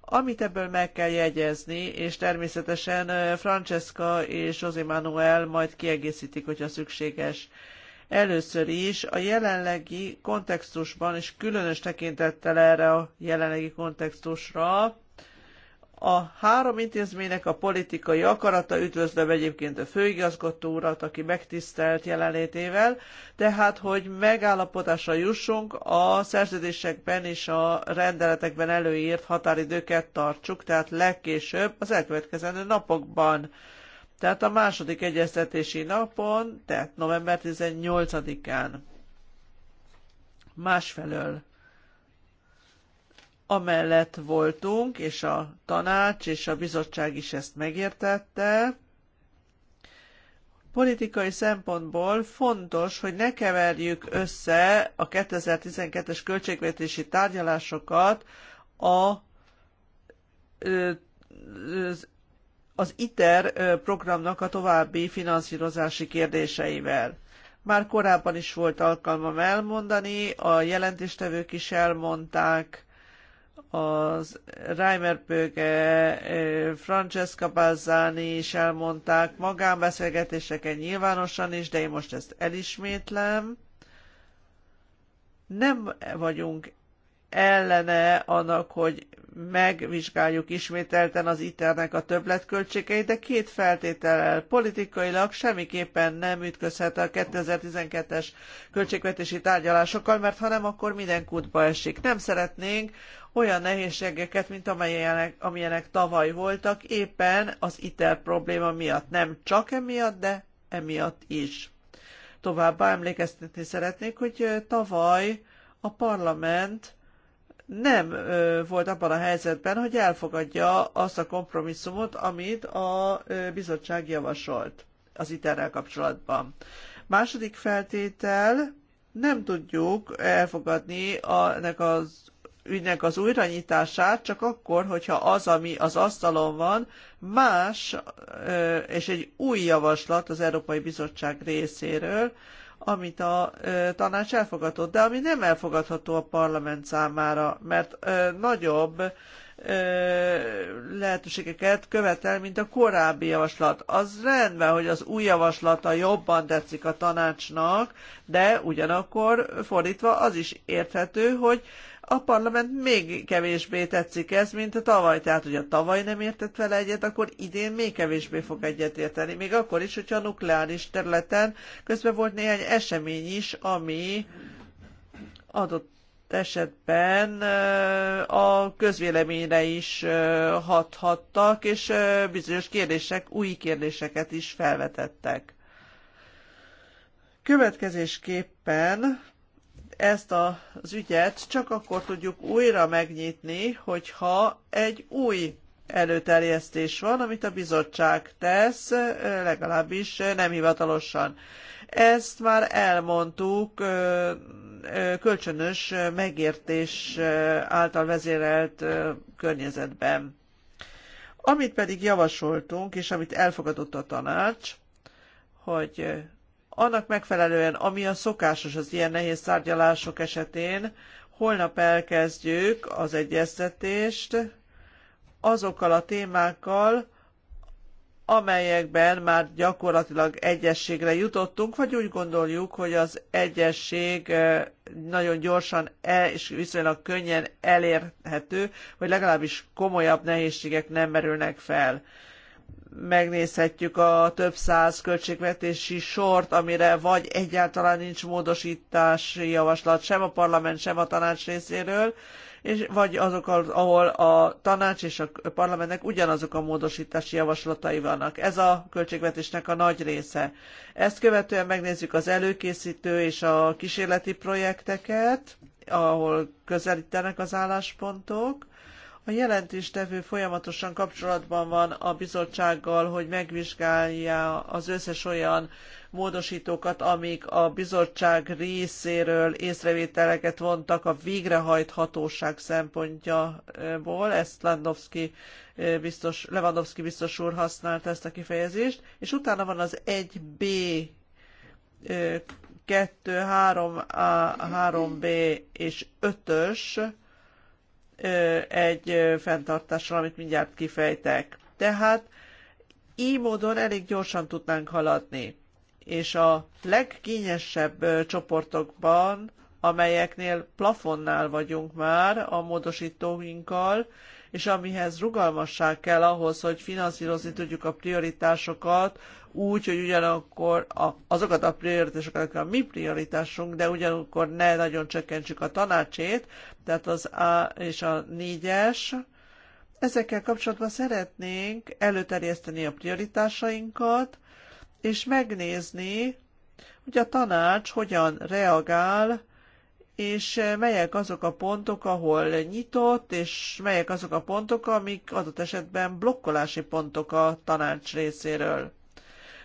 Speaker 2: Amit ebből meg kell jegyezni, és természetesen Francesca és José Manuel majd kiegészítik, hogyha szükséges. Először is a jelenlegi kontextusban, és különös tekintettel erre a jelenlegi kontextusra, a három intézménynek a politikai akarata, üdvözlöm egyébként a főigazgató urat, aki megtisztelt jelenlétével, tehát, hogy megállapodásra jussunk, a szerződésekben és a rendeletekben előírt határidőket tartsuk, tehát legkésőbb az elkövetkezendő napokban. Tehát a második egyeztetési napon, tehát november 18-án. Másfelől amellett voltunk, és a tanács és a bizottság is ezt megértette. Politikai szempontból fontos, hogy ne keverjük össze a 2012-es költségvetési tárgyalásokat a, az ITER programnak a további finanszírozási kérdéseivel. Már korábban is volt alkalmam elmondani, a jelentéstevők is elmondták, az Reimer Böge, Francesca Balzani is elmondták magánbeszélgetéseken nyilvánosan is, de én most ezt elismétlem. Nem vagyunk ellene annak, hogy megvizsgáljuk ismételten az iternek a többletköltségeit, de két feltétellel politikailag semmiképpen nem ütközhet a 2012-es költségvetési tárgyalásokkal, mert ha nem, akkor minden kutba esik. Nem szeretnénk olyan nehézségeket, mint amelyenek, amilyenek tavaly voltak, éppen az ITER probléma miatt. Nem csak emiatt, de emiatt is. Továbbá emlékeztetni szeretnék, hogy tavaly a parlament nem volt abban a helyzetben, hogy elfogadja azt a kompromisszumot, amit a bizottság javasolt az ITER-rel kapcsolatban. Második feltétel, nem tudjuk elfogadni a, ennek az ügynek az újranyitását csak akkor, hogyha az, ami az asztalon van, más és egy új javaslat az Európai Bizottság részéről, amit a tanács elfogadott, de ami nem elfogadható a parlament számára, mert nagyobb lehetőségeket követel, mint a korábbi javaslat. Az rendben, hogy az új javaslata jobban tetszik a tanácsnak, de ugyanakkor fordítva az is érthető, hogy a parlament még kevésbé tetszik ez, mint a tavaly. Tehát, hogyha tavaly nem értett vele egyet, akkor idén még kevésbé fog egyet érteni. Még akkor is, hogyha a nukleáris területen közben volt néhány esemény is, ami adott esetben a közvéleményre is hathattak, és bizonyos kérdések, új kérdéseket is felvetettek. Következésképpen ezt az ügyet csak akkor tudjuk újra megnyitni, hogyha egy új előterjesztés van, amit a bizottság tesz, legalábbis nem hivatalosan. Ezt már elmondtuk kölcsönös megértés által vezérelt környezetben. Amit pedig javasoltunk, és amit elfogadott a tanács, hogy annak megfelelően, ami a szokásos az ilyen nehéz tárgyalások esetén, holnap elkezdjük az egyeztetést azokkal a témákkal, amelyekben már gyakorlatilag egyességre jutottunk, vagy úgy gondoljuk, hogy az egyesség nagyon gyorsan el, és viszonylag könnyen elérhető, vagy legalábbis komolyabb nehézségek nem merülnek fel megnézhetjük a több száz költségvetési sort, amire vagy egyáltalán nincs módosítási javaslat sem a parlament, sem a tanács részéről, és vagy azok, ahol a tanács és a parlamentnek ugyanazok a módosítási javaslatai vannak. Ez a költségvetésnek a nagy része. Ezt követően megnézzük az előkészítő és a kísérleti projekteket, ahol közelítenek az álláspontok, a jelentéstevő folyamatosan kapcsolatban van a bizottsággal, hogy megvizsgálja az összes olyan módosítókat, amik a bizottság részéről észrevételeket vontak a végrehajthatóság szempontjából. Ezt Landowski biztos, Lewandowski biztos úr használta ezt a kifejezést. És utána van az 1B 2, 3A, 3B és 5-ös egy fenntartással, amit mindjárt kifejtek. Tehát így módon elég gyorsan tudnánk haladni. És a legkényesebb csoportokban, amelyeknél plafonnál vagyunk már a módosítóinkkal, és amihez rugalmasság kell ahhoz, hogy finanszírozni tudjuk a prioritásokat, úgy, hogy ugyanakkor a, azokat a prioritásokat, a mi prioritásunk, de ugyanakkor ne nagyon csökkentsük a tanácsét, tehát az A és a 4-es. Ezekkel kapcsolatban szeretnénk előterjeszteni a prioritásainkat, és megnézni, hogy a tanács hogyan reagál és eh, melyek azok a pontok, ahol nyitott, és melyek azok a pontok, amik adott esetben blokkolási pontok a tanács részéről.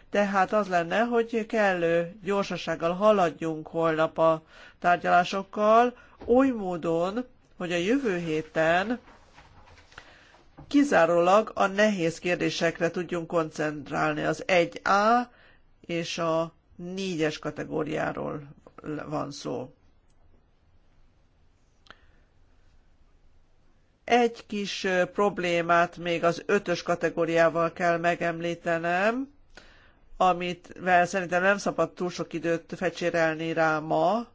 Speaker 2: Tehát az lenne, hogy kellő gyorsasággal haladjunk holnap a tárgyalásokkal, oly módon, hogy a jövő héten kizárólag a nehéz kérdésekre tudjunk koncentrálni. Az 1A és a 4-es kategóriáról van szó. Egy kis problémát még az ötös kategóriával kell megemlítenem, amit szerintem nem szabad túl sok időt fecsérelni rá ma.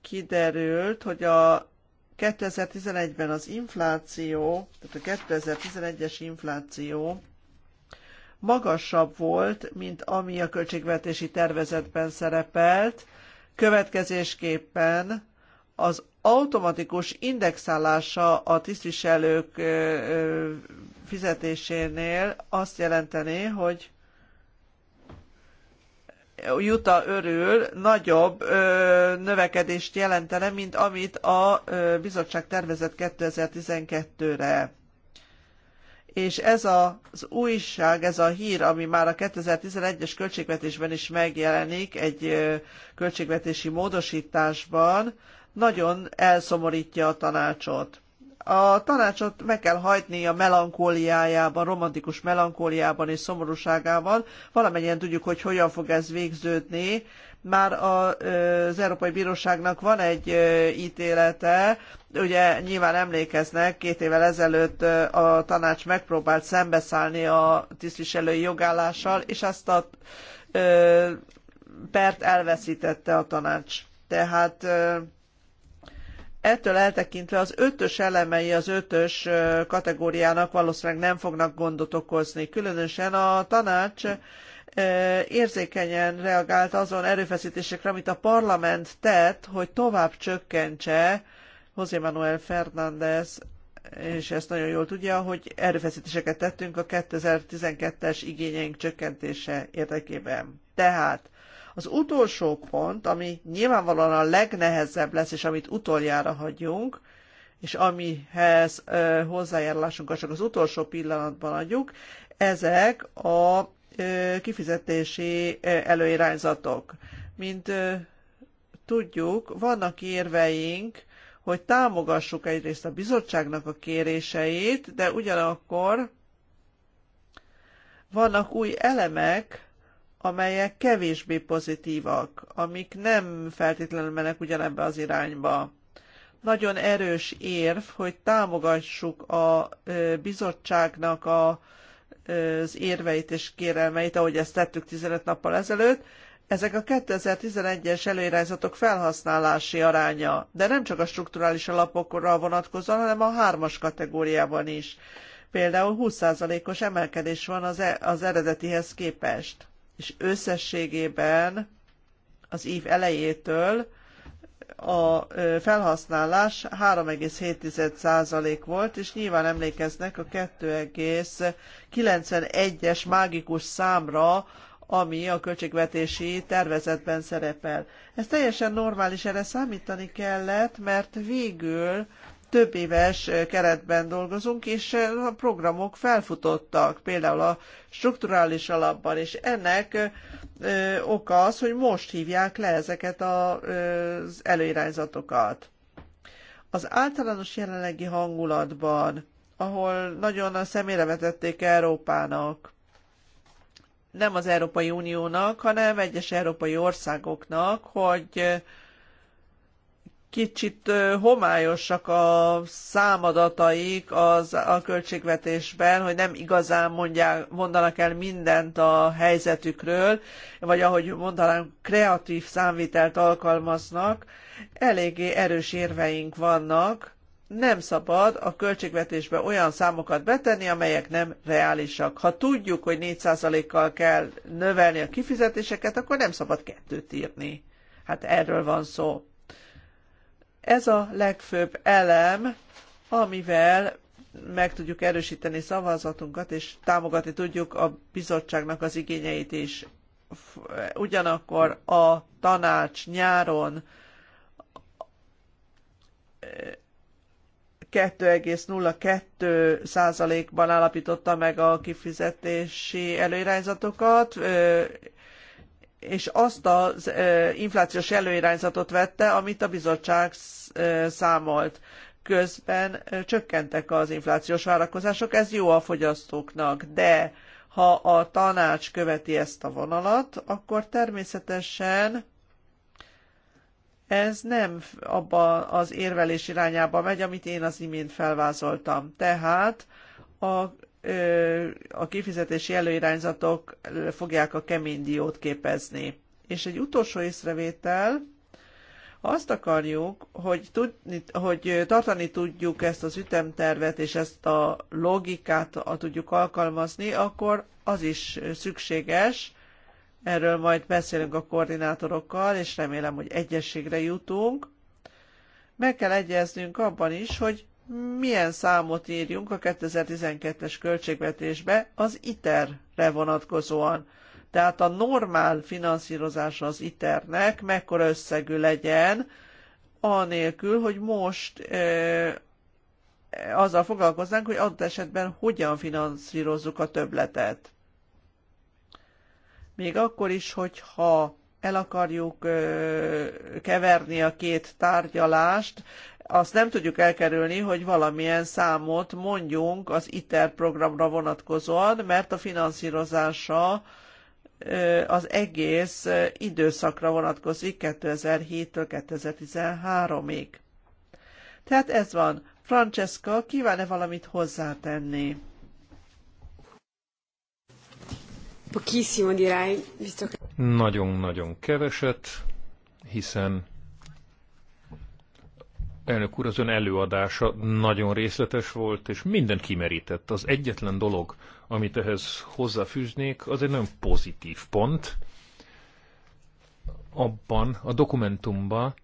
Speaker 2: Kiderült, hogy a 2011-ben az infláció, tehát a 2011-es infláció magasabb volt, mint ami a költségvetési tervezetben szerepelt. Következésképpen az automatikus indexálása a tisztviselők fizetésénél azt jelenteni, hogy Juta örül nagyobb ö, növekedést jelentene, mint amit a ö, bizottság tervezett 2012-re. És ez a, az újság, ez a hír, ami már a 2011-es költségvetésben is megjelenik egy ö, költségvetési módosításban, nagyon elszomorítja a tanácsot. A tanácsot meg kell hajtni a melankóliájában, romantikus melankóliában és szomorúságában. Valamennyien tudjuk, hogy hogyan fog ez végződni. Már az Európai Bíróságnak van egy ítélete, ugye nyilván emlékeznek, két évvel ezelőtt a tanács megpróbált szembeszállni a tisztviselői jogállással, és ezt a pert elveszítette a tanács. Tehát Ettől eltekintve az ötös elemei az ötös kategóriának valószínűleg nem fognak gondot okozni. Különösen a tanács érzékenyen reagált azon erőfeszítésekre, amit a parlament tett, hogy tovább csökkentse José Manuel Fernández, és ezt nagyon jól tudja, hogy erőfeszítéseket tettünk a 2012-es igényeink csökkentése érdekében. Tehát az utolsó pont, ami nyilvánvalóan a legnehezebb lesz, és amit utoljára hagyunk, és amihez ö, hozzájárulásunkat csak az utolsó pillanatban adjuk, ezek a ö, kifizetési ö, előirányzatok. Mint ö, tudjuk, vannak érveink, hogy támogassuk egyrészt a bizottságnak a kéréseit, de ugyanakkor vannak új elemek, amelyek kevésbé pozitívak, amik nem feltétlenül mennek ugyanebbe az irányba. Nagyon erős érv, hogy támogassuk a bizottságnak a, az érveit és kérelmeit, ahogy ezt tettük 15 nappal ezelőtt, ezek a 2011-es előirányzatok felhasználási aránya, de nem csak a strukturális alapokra vonatkozóan, hanem a hármas kategóriában is. Például 20%-os emelkedés van az, e- az eredetihez képest és összességében az év elejétől a felhasználás 3,7% volt, és nyilván emlékeznek a 2,91-es mágikus számra, ami a költségvetési tervezetben szerepel. Ez teljesen normális, erre számítani kellett, mert végül több éves keretben dolgozunk, és a programok felfutottak, például a strukturális alapban, és ennek oka az, hogy most hívják le ezeket az előirányzatokat. Az általános jelenlegi hangulatban, ahol nagyon a szemére vetették Európának, nem az Európai Uniónak, hanem egyes európai országoknak, hogy kicsit homályosak a számadataik az, a költségvetésben, hogy nem igazán mondják, mondanak el mindent a helyzetükről, vagy ahogy mondanám, kreatív számvitelt alkalmaznak. Eléggé erős érveink vannak, nem szabad a költségvetésbe olyan számokat betenni, amelyek nem reálisak. Ha tudjuk, hogy 4%-kal kell növelni a kifizetéseket, akkor nem szabad kettőt írni. Hát erről van szó. Ez a legfőbb elem, amivel meg tudjuk erősíteni szavazatunkat, és támogatni tudjuk a bizottságnak az igényeit is. Ugyanakkor a tanács nyáron 2,02 eh, százalékban állapította meg a kifizetési előirányzatokat, eh, és azt az inflációs előirányzatot vette, amit a bizottság számolt. Közben csökkentek az inflációs várakozások, ez jó a fogyasztóknak, de ha a tanács követi ezt a vonalat, akkor természetesen ez nem abba az érvelés irányába megy, amit én az imént felvázoltam. Tehát a a kifizetési előirányzatok fogják a kemény diót képezni. És egy utolsó észrevétel, azt akarjuk, hogy, tudni, hogy tartani tudjuk ezt az ütemtervet és ezt a logikát a tudjuk alkalmazni, akkor az is szükséges, erről majd beszélünk a koordinátorokkal, és remélem, hogy egyességre jutunk. Meg kell egyeznünk abban is, hogy milyen számot írjunk a 2012-es költségvetésbe az ITER-re vonatkozóan. Tehát a normál finanszírozása az ITER-nek mekkora összegű legyen, anélkül, hogy most e, azzal foglalkoznánk, hogy adott esetben hogyan finanszírozzuk a töbletet. Még akkor is, hogyha el akarjuk ö, keverni a két tárgyalást, azt nem tudjuk elkerülni, hogy valamilyen számot mondjunk az ITER programra vonatkozóan, mert a finanszírozása az egész időszakra vonatkozik 2007-től 2013-ig. Tehát ez van. Francesca, kíván-e valamit hozzátenni?
Speaker 4: Nagyon-nagyon keveset, hiszen Elnök úr, az ön előadása nagyon részletes volt, és minden kimerített. Az egyetlen dolog, amit ehhez hozzáfűznék, az egy nagyon pozitív pont abban a dokumentumban,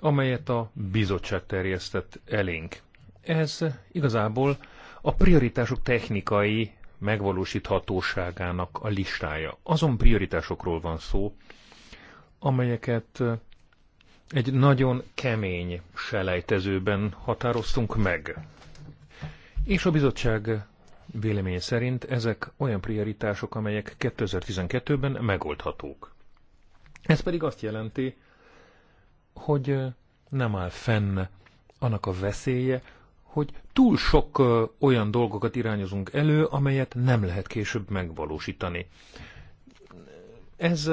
Speaker 4: amelyet a bizottság terjesztett elénk. Ez igazából a prioritások technikai megvalósíthatóságának a listája. Azon prioritásokról van szó, amelyeket egy nagyon kemény selejtezőben határoztunk meg. És a bizottság véleménye szerint ezek olyan prioritások, amelyek 2012-ben megoldhatók. Ez pedig azt jelenti, hogy nem áll fenn annak a veszélye, hogy túl sok olyan dolgokat irányozunk elő, amelyet nem lehet később megvalósítani. Ez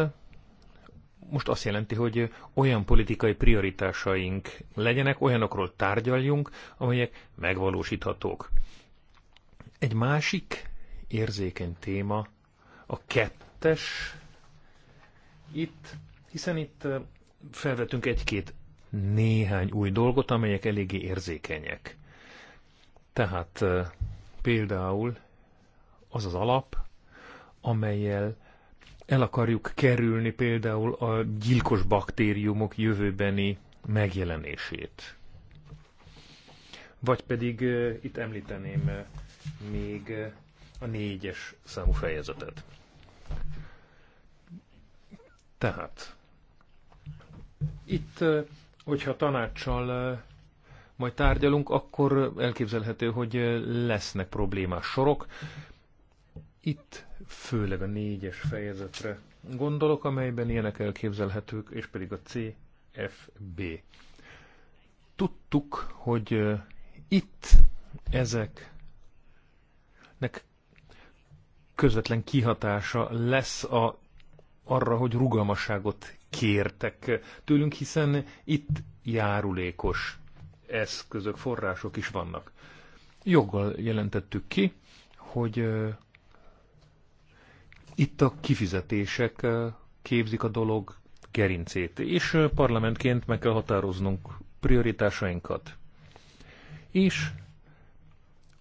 Speaker 4: most azt jelenti, hogy olyan politikai prioritásaink legyenek, olyanokról tárgyaljunk, amelyek megvalósíthatók. Egy másik érzékeny téma a kettes. Itt, hiszen itt felvetünk egy-két néhány új dolgot, amelyek eléggé érzékenyek. Tehát például az az alap, amelyel el akarjuk kerülni például a gyilkos baktériumok jövőbeni megjelenését. Vagy pedig itt említeném még a négyes számú fejezetet. Tehát itt, hogyha tanácssal majd tárgyalunk, akkor elképzelhető, hogy lesznek problémás sorok. Itt főleg a négyes fejezetre gondolok, amelyben ilyenek elképzelhetők, és pedig a CFB. Tudtuk, hogy itt ezeknek közvetlen kihatása lesz a, arra, hogy rugalmasságot kértek tőlünk, hiszen itt járulékos eszközök, források is vannak. Joggal jelentettük ki, hogy itt a kifizetések képzik a dolog gerincét, és parlamentként meg kell határoznunk prioritásainkat. És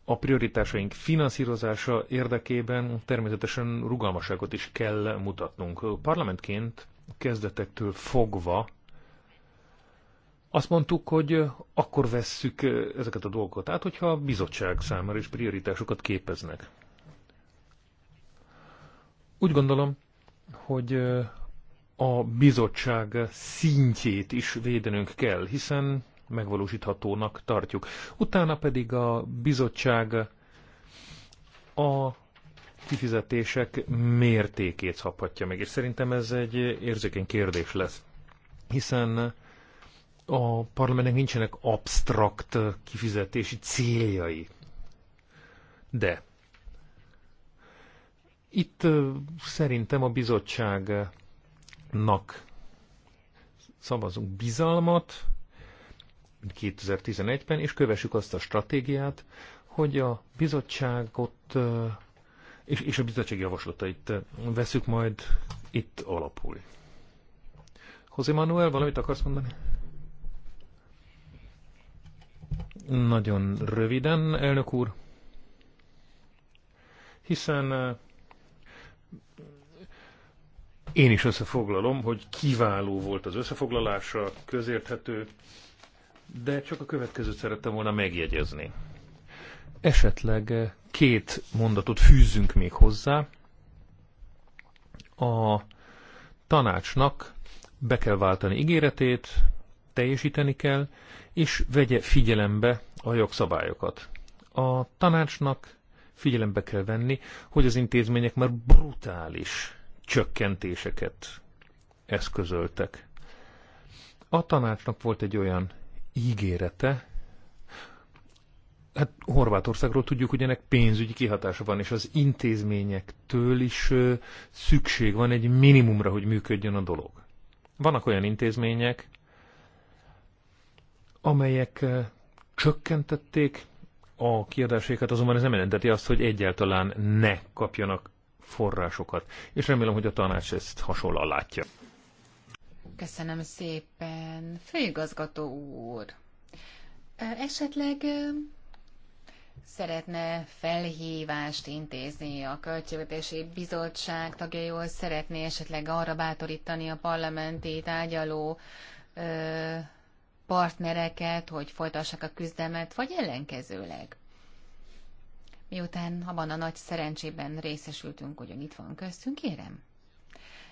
Speaker 4: a prioritásaink finanszírozása érdekében természetesen rugalmaságot is kell mutatnunk. Parlamentként kezdetektől fogva azt mondtuk, hogy akkor vesszük ezeket a dolgokat át, hogyha a bizottság számára is prioritásokat képeznek. Úgy gondolom, hogy a bizottság szintjét is védenünk kell, hiszen megvalósíthatónak tartjuk. Utána pedig a bizottság a kifizetések mértékét szabhatja meg, és szerintem ez egy érzékeny kérdés lesz, hiszen a parlamentnek nincsenek absztrakt kifizetési céljai. De itt szerintem a bizottságnak szavazunk bizalmat 2011-ben, és kövessük azt a stratégiát, hogy a bizottságot és, a bizottság javaslatait veszük majd itt alapul. José Manuel, valamit akarsz mondani? Nagyon röviden, elnök úr. Hiszen én is összefoglalom, hogy kiváló volt az összefoglalása, közérthető, de csak a következőt szerettem volna megjegyezni. Esetleg eh, két mondatot fűzzünk még hozzá. A tanácsnak be kell váltani ígéretét, teljesíteni kell, és vegye figyelembe a jogszabályokat. A tanácsnak figyelembe kell venni, hogy az intézmények már brutális csökkentéseket eszközöltek. A tanácsnak volt egy olyan ígérete, hát Horvátországról tudjuk, hogy ennek pénzügyi kihatása van, és az intézményektől is szükség van egy minimumra, hogy működjön a dolog. Vannak olyan intézmények, amelyek csökkentették a kiadásaikat, azonban ez nem jelenteti azt, hogy egyáltalán ne kapjanak forrásokat, és remélem, hogy a tanács ezt hasonlóan látja.
Speaker 3: Köszönöm szépen, főigazgató úr. Esetleg szeretne felhívást intézni a Költségvetési Bizottság tagjaihoz, szeretné esetleg arra bátorítani a parlamenti tárgyaló partnereket, hogy folytassák a küzdelmet, vagy ellenkezőleg? miután abban a nagy szerencsében részesültünk, hogy ön itt van köztünk, kérem.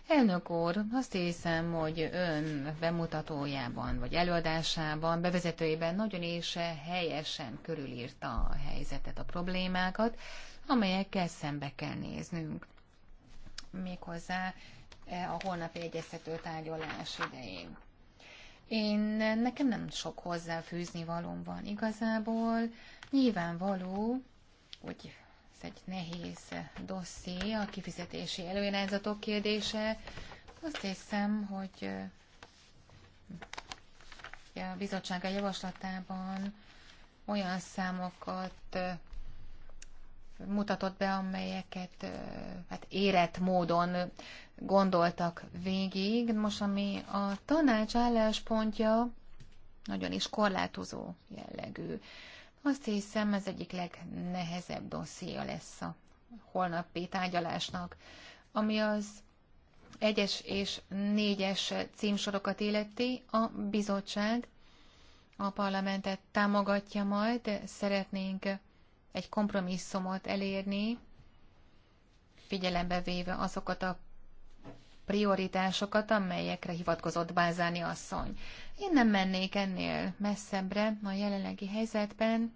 Speaker 3: Elnök úr, azt hiszem, hogy ön bemutatójában, vagy előadásában, bevezetőjében nagyon és helyesen körülírta a helyzetet, a problémákat, amelyekkel szembe kell néznünk. Méghozzá eh, a holnapi egyeztető tárgyalás idején. Én nekem nem sok hozzáfűzni valóm van igazából. Nyilvánvaló, hogy ez egy nehéz dosszié, a kifizetési előirányzatok kérdése. Azt hiszem, hogy a bizottság a javaslatában olyan számokat mutatott be, amelyeket hát érett módon gondoltak végig. Most, ami a tanács álláspontja, nagyon is korlátozó jellegű. Azt hiszem, ez egyik legnehezebb dosszéja lesz a holnapi tárgyalásnak, ami az egyes és négyes címsorokat illeti, a bizottság a parlamentet támogatja majd, szeretnénk egy kompromisszumot elérni, figyelembe véve azokat a prioritásokat, amelyekre hivatkozott Bázáni asszony. Én nem mennék ennél messzebbre a jelenlegi helyzetben.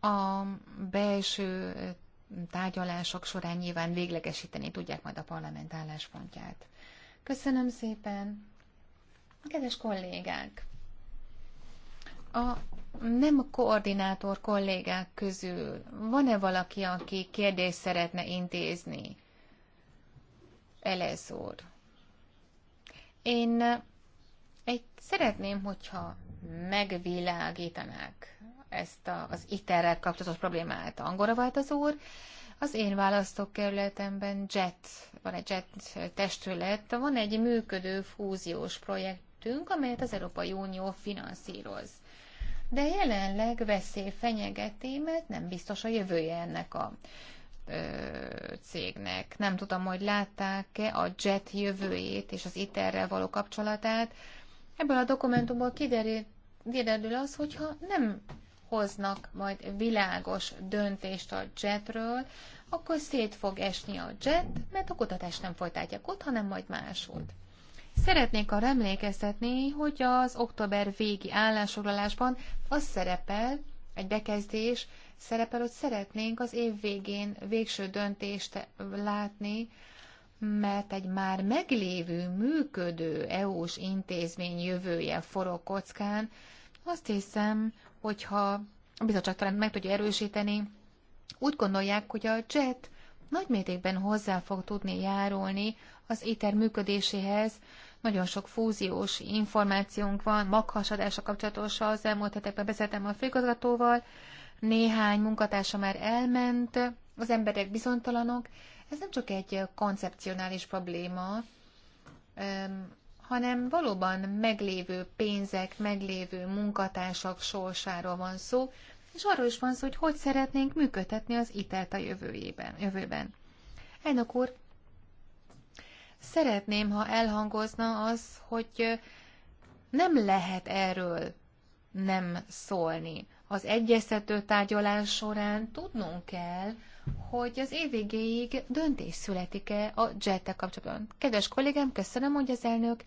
Speaker 3: A belső tárgyalások során nyilván véglegesíteni tudják majd a parlament álláspontját. Köszönöm szépen! Kedves kollégák! A nem koordinátor kollégák közül van-e valaki, aki kérdést szeretne intézni? Elez én egy, szeretném, hogyha megvilágítanák ezt a, az iterrel kapcsolatos problémát. Angolra vált az úr, az én választókerületemben JET, van egy JET testület, van egy működő fúziós projektünk, amelyet az Európai Unió finanszíroz. De jelenleg veszély fenyegeti, mert nem biztos a jövője ennek a cégnek. Nem tudom, hogy látták-e a JET jövőjét és az ITER-rel való kapcsolatát. Ebből a dokumentumból kiderül, kiderül az, hogyha nem hoznak majd világos döntést a jetről, akkor szét fog esni a jet, mert a kutatást nem folytatják ott, hanem majd máshogy. Szeretnék arra emlékeztetni, hogy az október végi állásfoglalásban az szerepel egy bekezdés, szerepel, hogy szeretnénk az év végén végső döntést látni, mert egy már meglévő, működő EU-s intézmény jövője forog kockán, azt hiszem, hogyha a bizottság talán meg tudja erősíteni, úgy gondolják, hogy a JET nagymértékben hozzá fog tudni járulni az ITER működéséhez. Nagyon sok fúziós információnk van, maghasadása kapcsolatos az elmúlt hetekben beszéltem a főigazgatóval, néhány munkatársa már elment, az emberek bizonytalanok. Ez nem csak egy koncepcionális probléma, hanem valóban meglévő pénzek, meglévő munkatársak sorsáról van szó, és arról is van szó, hogy hogy szeretnénk működtetni az itelt a jövőjében, jövőben. Elnök úr, szeretném, ha elhangozna az, hogy nem lehet erről nem szólni az egyeztető tárgyalás során tudnunk kell, hogy az év végéig döntés születik-e a jet kapcsolatban. Kedves kollégám, köszönöm, hogy az elnök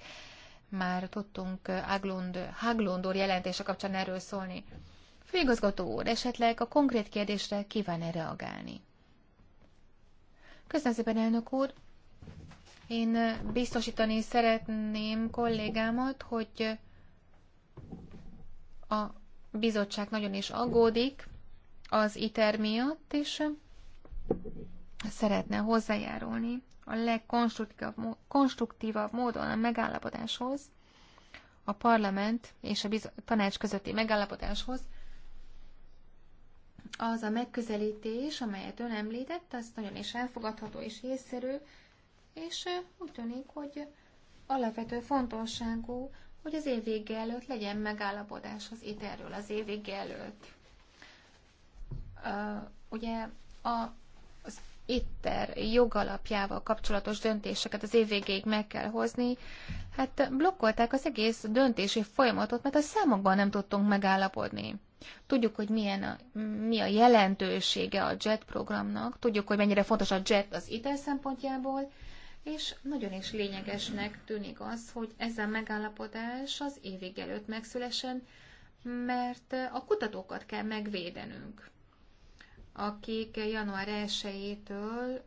Speaker 3: már tudtunk uh, Haglund, Haglund úr jelentése kapcsán erről szólni. Főigazgató úr, esetleg a konkrét kérdésre kíván-e reagálni? Köszönöm szépen, elnök úr! Én uh, biztosítani szeretném kollégámat, hogy uh, a bizottság nagyon is aggódik az ITER miatt, és szeretne hozzájárulni a legkonstruktívabb módon a megállapodáshoz, a parlament és a tanács közötti megállapodáshoz. Az a megközelítés, amelyet ön említett, az nagyon is elfogadható és észszerű, és úgy tűnik, hogy alapvető fontosságú hogy az év vége előtt legyen megállapodás az ételről az év vége előtt. Uh, ugye a, az étter jogalapjával kapcsolatos döntéseket az év végéig meg kell hozni. Hát blokkolták az egész döntési folyamatot, mert a számokban nem tudtunk megállapodni. Tudjuk, hogy milyen a, mi a jelentősége a JET programnak, tudjuk, hogy mennyire fontos a JET az ITER szempontjából, és nagyon is lényegesnek tűnik az, hogy ez a megállapodás az évig előtt megszülesen, mert a kutatókat kell megvédenünk, akik január 1-től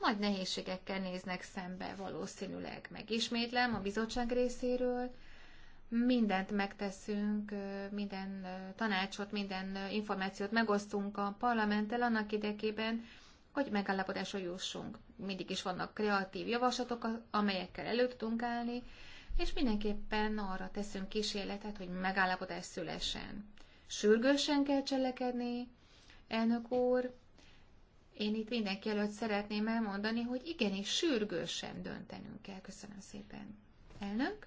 Speaker 3: nagy nehézségekkel néznek szembe valószínűleg. Megismétlem a bizottság részéről, mindent megteszünk, minden tanácsot, minden információt megosztunk a parlamenttel annak idekében, hogy megállapodásra jussunk. Mindig is vannak kreatív javaslatok, amelyekkel elő tudunk állni, és mindenképpen arra teszünk kísérletet, hogy megállapodás szülessen. Sürgősen kell cselekedni, elnök úr, én itt mindenki előtt szeretném elmondani, hogy igenis sürgősen döntenünk kell. Köszönöm szépen. Elnök?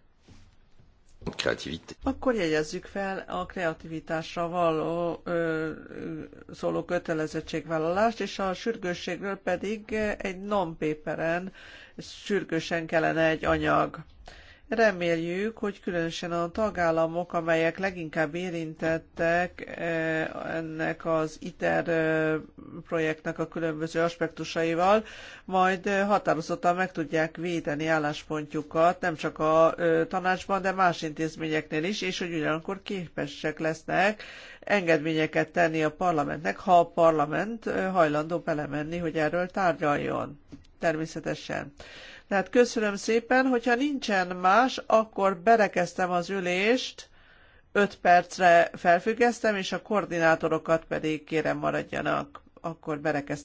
Speaker 2: Akkor jegyezzük fel a kreativitásra való ö, szóló kötelezettségvállalást, és a sürgősségről pedig egy non-paperen sürgősen kellene egy anyag. Reméljük, hogy különösen a tagállamok, amelyek leginkább érintettek eh, ennek az ITER eh, projektnek a különböző aspektusaival, majd eh, határozottan meg tudják védeni álláspontjukat, nem csak a tanácsban, de más intézményeknél is, és hogy ugyanakkor képesek lesznek engedményeket tenni a parlamentnek, ha a parlament hajlandó belemenni, hogy erről tárgyaljon. Természetesen. Tehát köszönöm szépen, hogyha nincsen más, akkor berekeztem az ülést, 5 percre felfüggesztem, és a koordinátorokat pedig kérem maradjanak, akkor berekeztem.